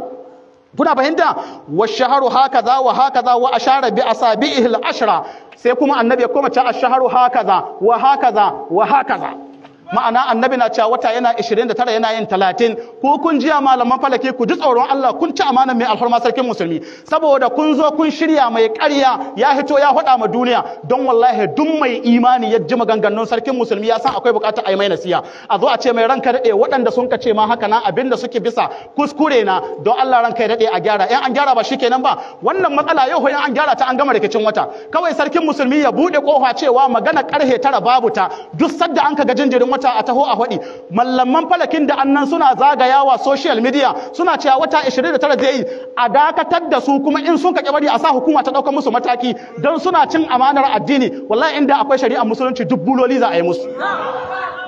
kuna fahimta wa shaharu hakaza wa hakaza wa ashara bi asabi'ihi al-ashra sai kuma annabi ya koma ta ash-shahru hakaza wa hakaza wa hakaza ma'ana annabi na cewa wata yana 29 yana yin 30 ko kun jiya malaman falake ku ji tsoron Allah kun ci amanar mai alhorma sarkin musulmi saboda kun zo kun shirya mai ƙarya ya hito ya hada ma duniya don wallahi duk mai imani ya ji maganganun sarkin musulmi ya san akwai bukatar a mai nasiya a zo a ce mai ranka daɗe waɗanda sun ka ce ma haka na abin da suke bisa kuskure na don Allah ranka ya daɗe a gyara in an gyara ba shi kenan ba wannan matsala yau hoyan an gyara ta an gama rikicin wata kawai sarkin musulmi ya buɗe kofa cewa magana ƙarhe tara babu ta duk sadda an ka ga jinjirin wata a taho a hwadi mallaman falakin da annan suna zagayawa social media suna cewa wata 29 zai yi a dakatar da su kuma in sun kake bari a sa hukuma ta dauka musu mataki don suna cin amanar addini wallahi inda akwai shari'a musulunci duk buloli za a yi musu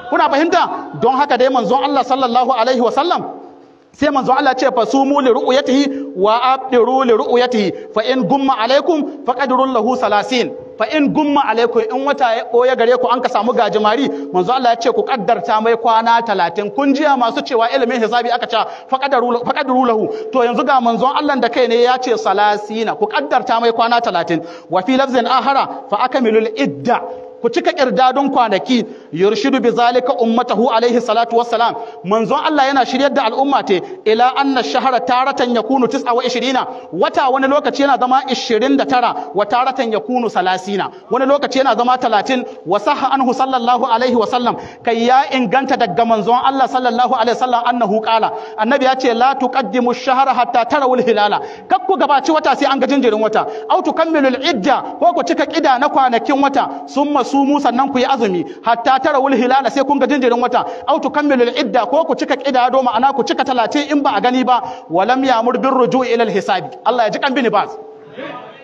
kuna fahimta don haka dai manzon Allah sallallahu alaihi wa sallam sai manzo Allah ce fa sumu li ru'yatihi wa abdiru li ru'yatihi fa in gumma alaikum faqadru lahu salasin fa in gumma alaikum in wata ya boye gare ku an ka samu gajimari manzo Allah ya ce ku kaddarta mai kwana 30 kun jiya masu cewa ilimin hisabi aka ce fa lahu to yanzu ga manzon Allah da kai ne ya ce salasina ku kaddarta mai kwana 30 wa fi lafzin ahara fa akamilul idda ku cika kirdadun kwanaki yurshidu bi zalika ummatahu alaihi salatu wassalam manzon Allah yana shiryar da al'umma te ila anna shahara taratan yakunu 29 wata wani lokaci yana zama 29 wa taratan yakunu 30 wani lokaci yana zama 30 wa sahha anhu sallallahu alaihi wasallam kai ya inganta daga manzon Allah sallallahu alaihi wasallam annahu qala annabi ya ce la tuqaddimu shahara hatta tarawul hilala kak ku gabaci wata sai an ga jinjirin wata au tukammilu idda ko ku cika kida na kwanakin wata summa tasumu sannan ku yi azumi hatta tara wul hilala sai kun ga jinjirin wata aw tukammilu idda ko ku cika do ma'ana ku cika 30 in ba a gani ba walam ya bir ruju'i ila al hisabi Allah ya ji kan bini bas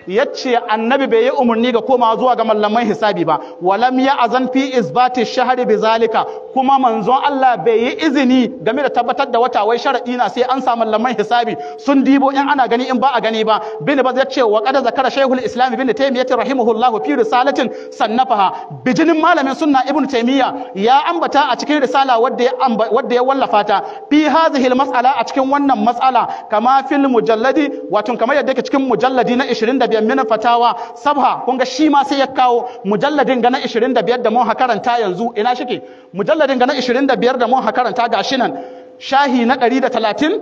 yace annabi bai yi umarni ga koma zuwa ga mallaman hisabi ba walam ya azan fi isbati shahri bizalika kuma manzon Allah bai yi izini game da tabbatar da wata wai sharadi na sai an sa mallaman hisabi sun dibo in ana gani in ba a gani ba bin ya ce wa qad zakara shaykhul islam bin taymiyyah rahimahullahu fi risalatin sannafaha bijinin malamin sunna Ibn taymiyyah ya ambata a cikin risala wadda ya wadda ya wallafa ta fi hadhihi al mas'ala a cikin wannan mas'ala kama fil mujalladi wato kamar yadda yake cikin mujalladi na 25 biyar mina fatawa sabha kun ga shi ma sai ya kawo mujalladin ga na 25 da mun karanta yanzu ina shike mujalladin ga na 25 da mun karanta gashi nan shahi na 130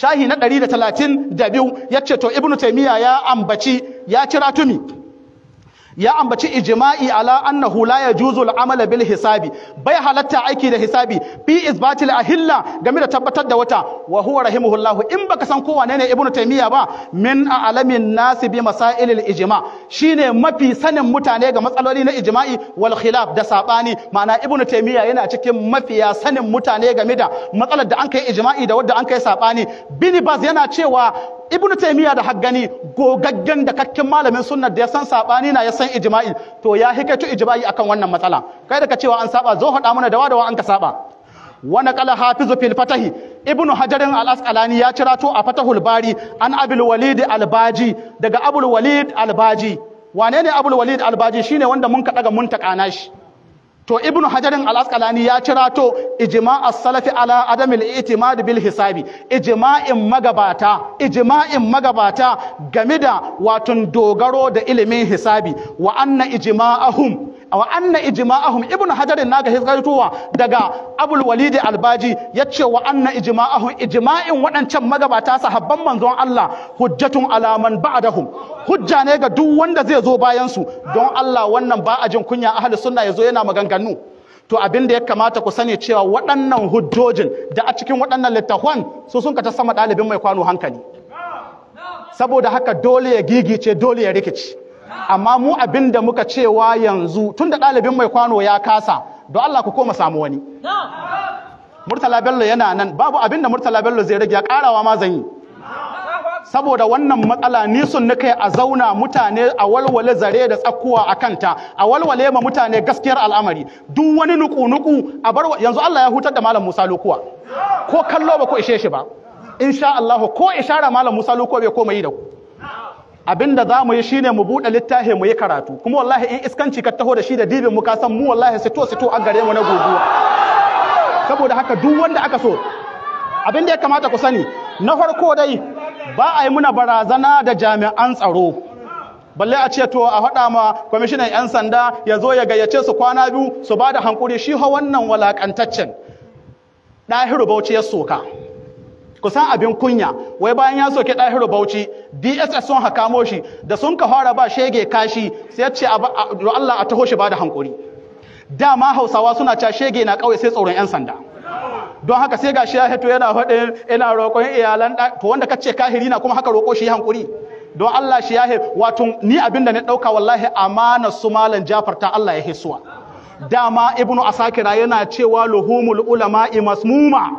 shahi na 132 ce to ibnu taymiya ya ambaci ya kira tumi ya ambaci ijma'i ala annahu la yajuzu al bil hisabi bai halatta aiki da hisabi fi isbatil ahilla game da tabbatar da wata wa huwa rahimahullahu in baka san ko wane ne ibnu taymiya ba min alamin nasi bi masailil ijma shine mafi sanin mutane ga matsaloli na ijma'i wal khilaf da sabani ma'ana ibnu taymiya yana cikin mafiya sanin mutane game da matsalar da an kai ijma'i da wadda an kai sabani bin bas yana cewa ibnu taymiya da haggani gogaggen da kakkin malamin sunna da ya san sabani na ya san ijma'i to ya hikaitu ijma'i akan wannan matsala kai da ka cewa an saba zo hada mana da wadawa an ka saba wani kala hafizu fil fatahi ibnu hajarin al asqalani ya to a fatahul bari an abul walid al baji daga abul walid al baji wane ne abul walid al baji shine wanda mun ka daga mun takana shi to ibnu hajarin al-asqalani ya cirato to salafi ala adam al-i'timad bil hisabi ijma'in magabata ijma'in magabata game da watun dogaro da ilimin hisabi wa anna ijma'ahum wa anna ijma'ahum ibnu hajarin naga hisgaritowa daga abul walidi al-baji yace wa anna ijma'ahum ijma'in wadancan magabata sahabban manzon Allah hujjatun ala man ba'dahum hujja ne ga duk wanda zai zo bayan su don Allah wannan ba a jin kunya ahli sunna yazo yana maganga maganganu to abin da ya kamata ku sani cewa waɗannan hujjojin da a cikin waɗannan littafan su sun ta sama ɗalibin mai kwano hankali saboda haka dole ya gigice dole ya rikici amma mu abin da muka cewa yanzu tun da ɗalibin mai kwano ya kasa don Allah ku koma samu wani Murtala Bello yana nan babu abin da Murtala Bello zai rage ya karawa ma zan yi saboda wannan matsala ni sun kai a zauna mutane a walwale zare da tsakuwa a kanta a walwale ma mutane gaskiyar al'amari duk wani nuku-nuku a bar yanzu Allah ya hutar da malam Musa Lokuwa ko kallo ba ko ishe shi ba insha Allah ko ishara malam Musa Lokuwa bai koma yi da ku abinda za mu yi shine mu buɗe littafi mu yi karatu kuma wallahi in iskanci ka taho da shi da dibin mu ka san mu wallahi sito sito an gare mu na goguwa saboda haka duk wanda aka so abinda ya kamata ku sani na farko dai ba a yi muna barazana da jami'an tsaro balle a ce to a faɗa ma kwamishinan 'yan sanda ya zo ya gayyace su kwana biyu su ba da hankuri shi ha wannan walakantaccen ɗahiru bauchi ya soka kusan abin kunya wai bayan ya soke ɗahiru bauchi dss sun hakamo shi da sun ka fara ba shege kashi sai ce Allah a taho shi ba da hankuri dama hausawa suna ca shege na kawai sai tsoron 'yan sanda don haka sai gashi ya hito yana faɗin ina roƙon iyalan to wanda kace kahiri na kuma haka roƙo shi hankuri don Allah shi ya wato ni abinda na ɗauka wallahi amana su malam Jafar ta Allah ya hisuwa dama ibnu asakira yana cewa luhumul ulama'i masmuma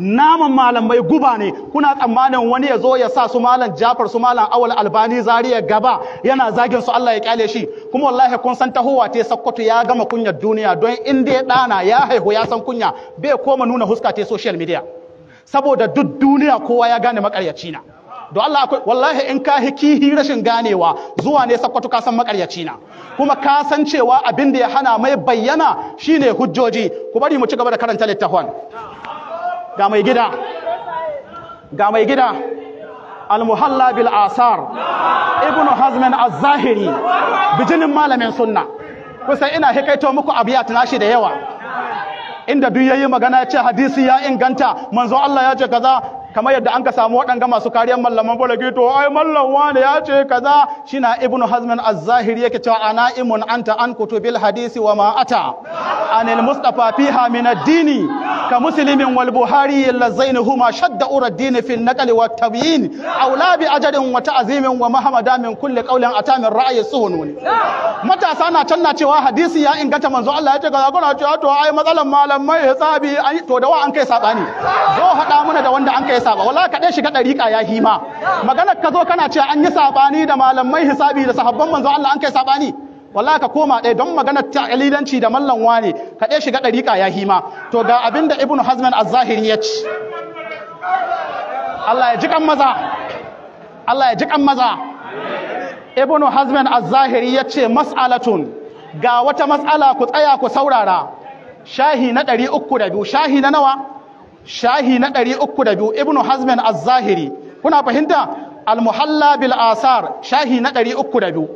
naman malam mai guba ne kuna tsammanin wani ya zo ya sa su malam Jafar su malam Awal Albani Zariya gaba yana zagin su Allah ya kyale shi kuma wallahi kun san tahowa te Sokoto ya gama kunyar duniya don in dai dana ya haihu ya san kunya bai koma nuna huska te social media saboda duk duniya kowa ya gane makaryaci na don Allah akwai wallahi in ka hikihi rashin ganewa zuwa ne sakkwato ka san makaryaci na kuma ka san cewa abin da ya hana mai bayyana shine hujjoji ku bari mu ci gaba da karanta littafin ga mai gida ga mai gida almuhalla bil asar ibn al-hazman az-zahiri bijinin malamin sunna kusan ina hikaito muku abiyat nashi da yawa inda duk yayi magana ya ce hadisi ya inganta manzo Allah ya ce kaza kamar yadda an ka samu waɗanga masu kariyar mallaman balagi to ai mallam wani ya ce kaza shina ibnu hazmin az-zahiri yake cewa ana imun anta an kutubil hadisi wa ma ata anil mustafa fiha min ad-dini ka muslimin wal buhari allazain huma shadda ur-ad-din fi an-naql wa at-tabyin bi ajrin wa ta'zimin wa mahamada min kulli qawlin Atamin, min ra'yi suhununi matasa na canna cewa hadisi ya inganta manzo Allah ya ce kaza kuna cewa to ai matsalan malamai hisabi to da wa an kai sabani zo hada da wanda an kai saba wallahi ka dai shiga dariƙa ya hima maganar ka zo kana cewa an yi sabani da malamai hisabi da sahabban manzo Allah an kai sabani wallahi ka koma dai don maganar ta'alilanci da mallan wani ka dai shiga dariƙa ya hima to ga abinda Ibn ibnu hazman az-zahiri ya ci Allah ya ji kan maza Allah ya ji kan maza ibnu hazman az-zahiri ya ce mas'alatun ga wata mas'ala ku tsaya ku saurara shahi na ɗari uku da biyu shahi na nawa shahi na ɗari uku da biyu ibnu hazmin az-zahiri kuna fahimta al-muhalla bil asar shahi na ɗari uku da biyu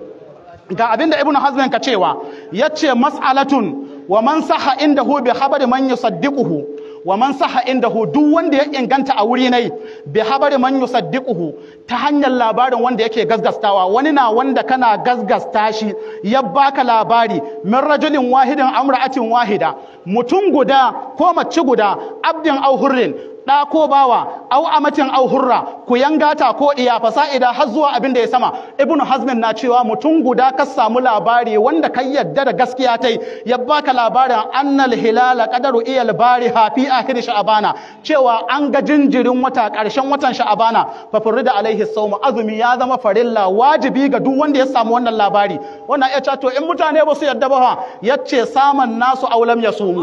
ga abinda ibnu hazmin ka cewa yace mas'alatun wa man saha indahu bi khabari man yusaddiquhu wa man saha indahu duk wanda ya inganta a wuri nai bi habari man yusaddiquhu ta hanyar labarin wanda yake gasgastawa wani na wanda kana gasgasta shi ya baka labari min rajulin wahidin amra'atin wahida mutum guda ko mace guda abdin au hurrin ɗa ko bawa au amatin au hurra ku yangata ko iya fasa idan har zuwa abin da ya sama ibnu hazmin na cewa mutum guda ka samu labari wanda kai yadda da gaskiya ta yi. ya baka labarin annal hilala qadaru iyalbari hafi a akhir sha'bana cewa an ga jinjirin wata karshen watan sha'bana fa furida alaihi sawm azumi ya zama farilla wajibi ga duk wanda ya samu wannan labari wannan ya to in mutane ba su yadda ba yace saman nasu aulam ya sumu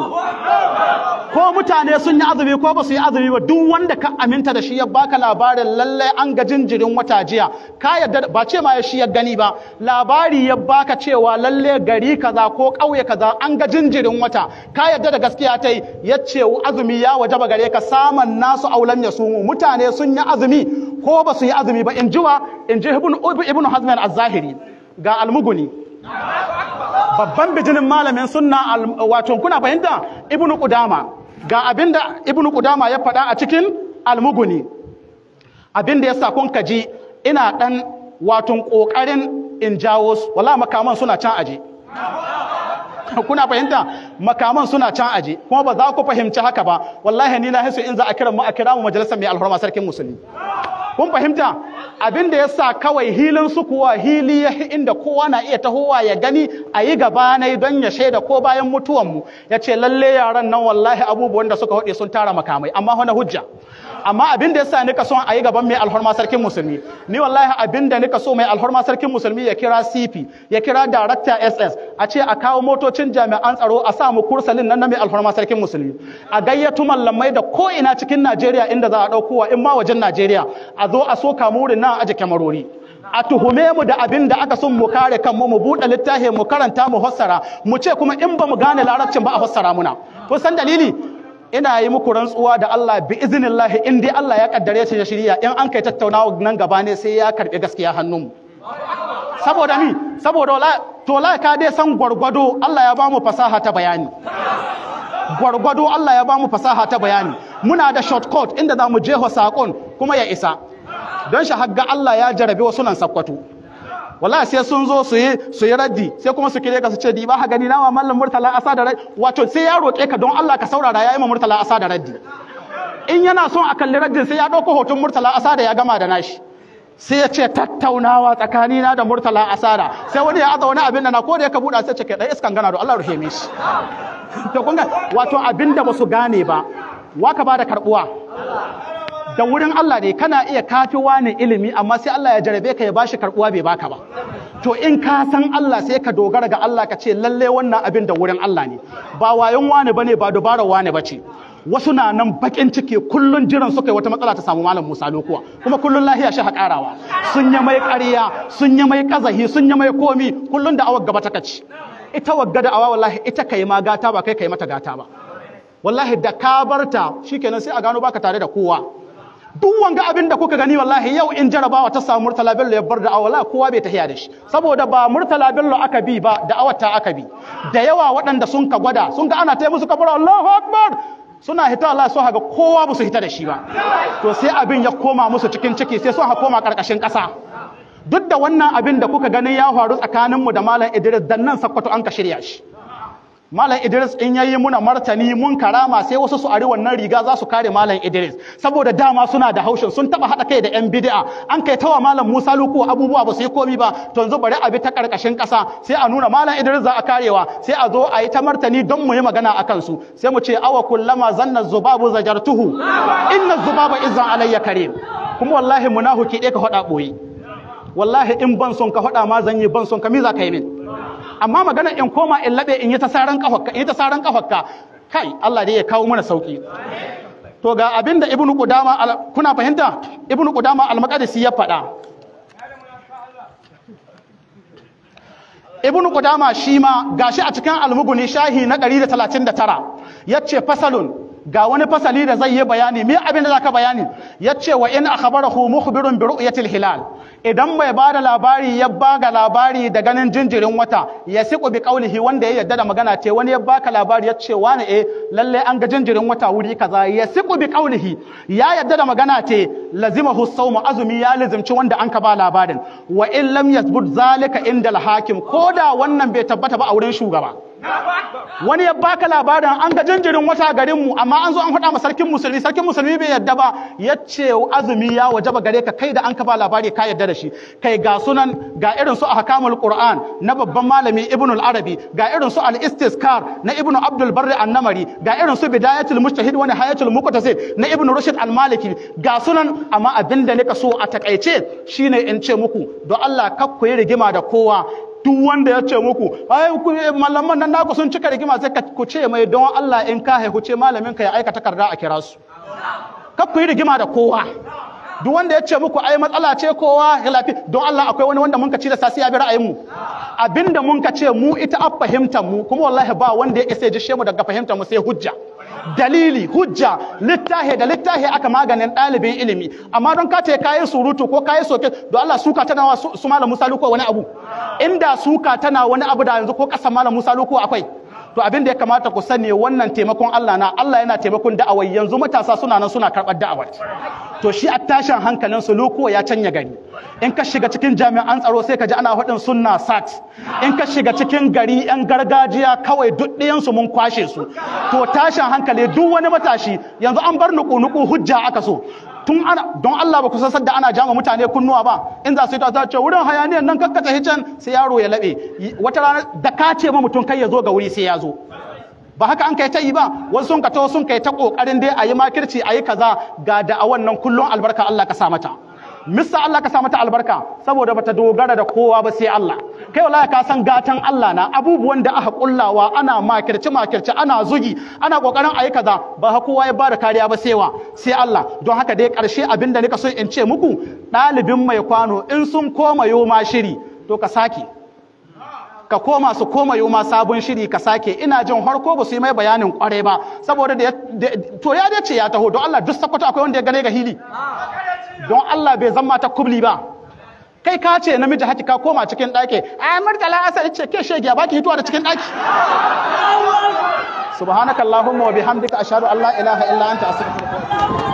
ko mutane sun yi azumi ko ba su yi azumi cewa duk wanda ka aminta da shi ya baka labarin lallai an ga jinjirin wata jiya ka yadda ba ce ma ya shi ya gani ba labari ya baka cewa lallai gari kaza ko kauye kaza an ga jinjirin wata ka yadda da gaskiya ta yi ya ce azumi ya wajaba gare ka saman nasu aulam ya sumu mutane sun yi azumi ko ba su yi azumi ba in jiwa in ji ibnu hazmin az-zahiri ga almuguni babban bijinin malamin sunna wato kuna fahimta ibnu qudama ga abinda ibnu Kudama ya faɗa a cikin almuguni abinda ya sakon kaji ina ɗan watun kokarin in jawo su "wala makaman suna can aje [LAUGHS] kuna fahimta makaman suna can aje kuma ba za ku fahimci haka ba wallahi ni na hisu in za a kira mu a kira mu majalisar mai alhurma sarkin musulmi kun fahimta abin da sa kawai hilin su kuwa hili ya inda kowa na iya tahowa ya gani a yi gaba na don ya shaida ko bayan mutuwanmu. ya ce lalle yaran nan wallahi abubuwan da suka huɗe sun tara makamai amma hana hujja amma abin da yasa nika son a yi gaban mai alhorma sarkin musulmi ni wallahi abin da nika so mai alhorma sarkin musulmi ya kira CP ya kira director SS a ce a kawo motocin jami'an tsaro a samu kursalin nan na mai alhorma sarkin musulmi a gayyato mallamai da ko ina cikin Najeriya inda za a daukowa in ma wajen Najeriya a zo a soka murin nan aje kyamarori a tuhume mu da abin da aka son mu kare kanmu mu buɗe littafi mu karanta mu hossara mu ce kuma in ba mu gane larabcin ba a hossara muna kun san dalili ina yi muku rantsuwa da Allah bi iznillahi in dai Allah ya kaddare shi ya shirya in an kai tattaunawa nan gaba ne sai ya karbi gaskiya hannunmu saboda ni saboda to la ka dai san gwargwado Allah ya ba mu fasaha ta bayani gwargwado Allah ya ba mu fasaha ta bayani muna da shortcut inda za mu ho sakon kuma ya isa don shi hagga Allah ya jarabe wasu nan sakkwato wallahi sai sun zo su yi su yi raddi sai kuma su kire ka su ce di ba ha gani nawa mallam murtala asa da raddi wato sai ya roƙe ka don Allah ka saurara yayi ma murtala asa da raddi in yana son a kalli raddin sai ya ɗauko hoton murtala asa da ya gama da nashi sai ya ce tattaunawa tsakanina da murtala asara sai wani ya aza wani abin da na ko da ka buɗa sai ce kai iskan gana da Allah rufe mi shi [LAUGHS] to kun ga wato abin da basu gane ba waka ba da karbuwa da wurin Allah ne kana iya kafi wani ilimi amma sai Allah ya jarabe ka ya bashi karbuwa bai baka ba to in ka san Allah sai ka dogara ga Allah ka ce lalle wannan abin da wurin Allah ne ba wayon wani bane ba dubara wani bace wasu na nan bakin ciki kullun jiran suka yi wata matsala ta samu malam Musa lokuwa kuma kullun lahiya shi haƙarawa sun yi mai ƙarya sun yi mai kazahi sun yi mai komi kullun da awar gaba ta kaci ita wagga da awa wallahi ita kai ma gata ba kai kai mata gata ba wallahi da ka barta shikenan sai a gano baka tare da kowa duk wanga abin da kuka gani wallahi yau in jarabawa ta samu murtala bello ya bar da awala kowa bai tahiya da shi saboda ba murtala bello aka bi ba da awata aka bi da yawa waɗanda sun ka gwada sun ga ana ta musu kabara Allahu akbar suna hita Allah su haga kowa ba su hita da shi ba to sai abin ya koma musu cikin ciki sai sun ha koma karkashin ƙasa duk da wannan abin da kuka gani ya faru tsakaninmu da malam Idris dan nan sakkwato an ka shirya shi Malam Idris in yayi muna martani mun karama sai wasu su ari wannan riga za su kare Malam Idris saboda dama suna da haushin sun taba hada kai da yan bid'a an kai tawa Malam Musa Luku abubuwa ba su yi komi ba to yanzu bari a bi ta karkashin kasa sai a nuna Malam Idris za a karewa sai a zo a yi ta martani don mu yi magana akan su sai mu ce awa kullama zanna zubabu zajartuhu inna zubaba izan alayya karim kuma wallahi munahu ki ka hada boye wallahi in ban son ka hada ma zan yi ban son ka mi za ka yi min amma magana in koma in laɓe in yi ta saran kafarka in yi ta saran kafarka kai Allah dai ya kawo mana sauki to ga abin da ibnu qudama kuna fahimta ibnu qudama al-maqdisi ya faɗa ibnu qudama shi ma gashi a cikin al-mughni shahi na 139 yace fasalun ga wani fasali da zai yi bayani me abin da ka bayani ce, wa in akhbarahu mukhbirun bi ru'yatil hilal idan mai bada labari ya baga labari da ganin jinjirin wata ya siku bi qaulihi wanda ya yadda da magana ce wani ya baka labari ce, wani e, eh, lalle an ga jinjirin wata wuri kaza ya siku bi ya yadda da magana ce lazimahu mu azumi ya lazimci wanda an ka ba labarin wa in lam yathbut zalika inda al Ko da wannan bai tabbata ba a wurin shugaba wani ya baka labarin an ga jinjirin wata garinmu amma an zo an faɗa ma sarkin musulmi sarkin musulmi bai yadda ba ya ce azumi ya wajaba gare ka kai da an ka ba labari ka yadda da shi kai ga sunan ga irin su ahkamul qur'an na babban malami al arabi ga irin su al istiskar na ibnu abdul barri annamari ga irin su bidayatul mujtahid wani hayatul muqtasi na ibnu rushd al maliki ga sunan amma abinda nika so a takaice shine in ce muku don Allah kakku yi rigima da kowa duk wanda ya ce muku ai eh, malaman nan naku sun cika rigima sai ku ce mai don Allah in ka haihu ce malamin ka ya aika takarda a kira su kar ku yi rigima da kowa duk wanda ya ce muku ai matsala ce kowa hilafi don Allah akwai wani wanda ka ci da sasi ya bi ra'ayin mu abinda mun ka ce mu ita a fahimtar mu kuma wallahi ba wanda ya isa ya ji shemu daga fahimtar mu sai hujja dalili hujja littahi da littahi aka maganin ɗalibin ilimi amma don ka ce kayi surutu ko kayi soke don Allah suka tana wa su malam Musa wani abu inda suka tana wani abu da yanzu ko kasa malam Musa Luko akwai to abin da ya kamata ku sani wannan taimakon Allah na Allah yana taimakon da'awai yanzu matasa suna nan suna karɓar da'awar to shi a tashin hankalin su lukuwa ya canja gari in ka shiga cikin jami'an tsaro sai ka ji ana hudin sunna sat in ka shiga cikin gari yan gargajiya kawai duk ɗayan su mun kwashe su to tashin hankali duk wani matashi yanzu an bar nuku nuku hujja aka so tun ana don Allah ba ku san sadda ana jama mutane kunnuwa ba in za su yi ta ce wurin hayaniyan nan kakkata hicen sai yaro ya laɓe. wata rana da ka ce ma mutum kai ya zo ga wuri sai ya zo ba haka an kai ta yi ba wasu sun ka sun kai ta kokarin dai a yi makirci a yi kaza ga da'awan nan kullum albarka Allah ka sa mata mista Allah ka samu ta albarka saboda bata dogara da kowa ba sai Allah kai wallahi ka san gatan Allah na abubuwan da aka kullawa ana makirci makirci ana zugi ana kokarin ayi kaza ba ha kowa ya bada kariya ba sai wa sai Allah don haka dai karshe abinda nika so in ce muku dalibin mai kwano in sun koma yo ma shiri to ka sake ka koma su koma yau ma sabon shiri ka sake ina jin harko ba su yi mai bayanin kwarai ba saboda da to ya dace ya taho don Allah duk sakwato akwai wanda ya gane ga hili don Allah bai zama ta kubli ba kai ka ce namiji haki ka koma cikin ɗaki a murtala asali ce ke shege ba ki hituwa da cikin ɗaki subhanakallahumma wa bihamdika ashhadu an la ilaha illa anta astaghfiruka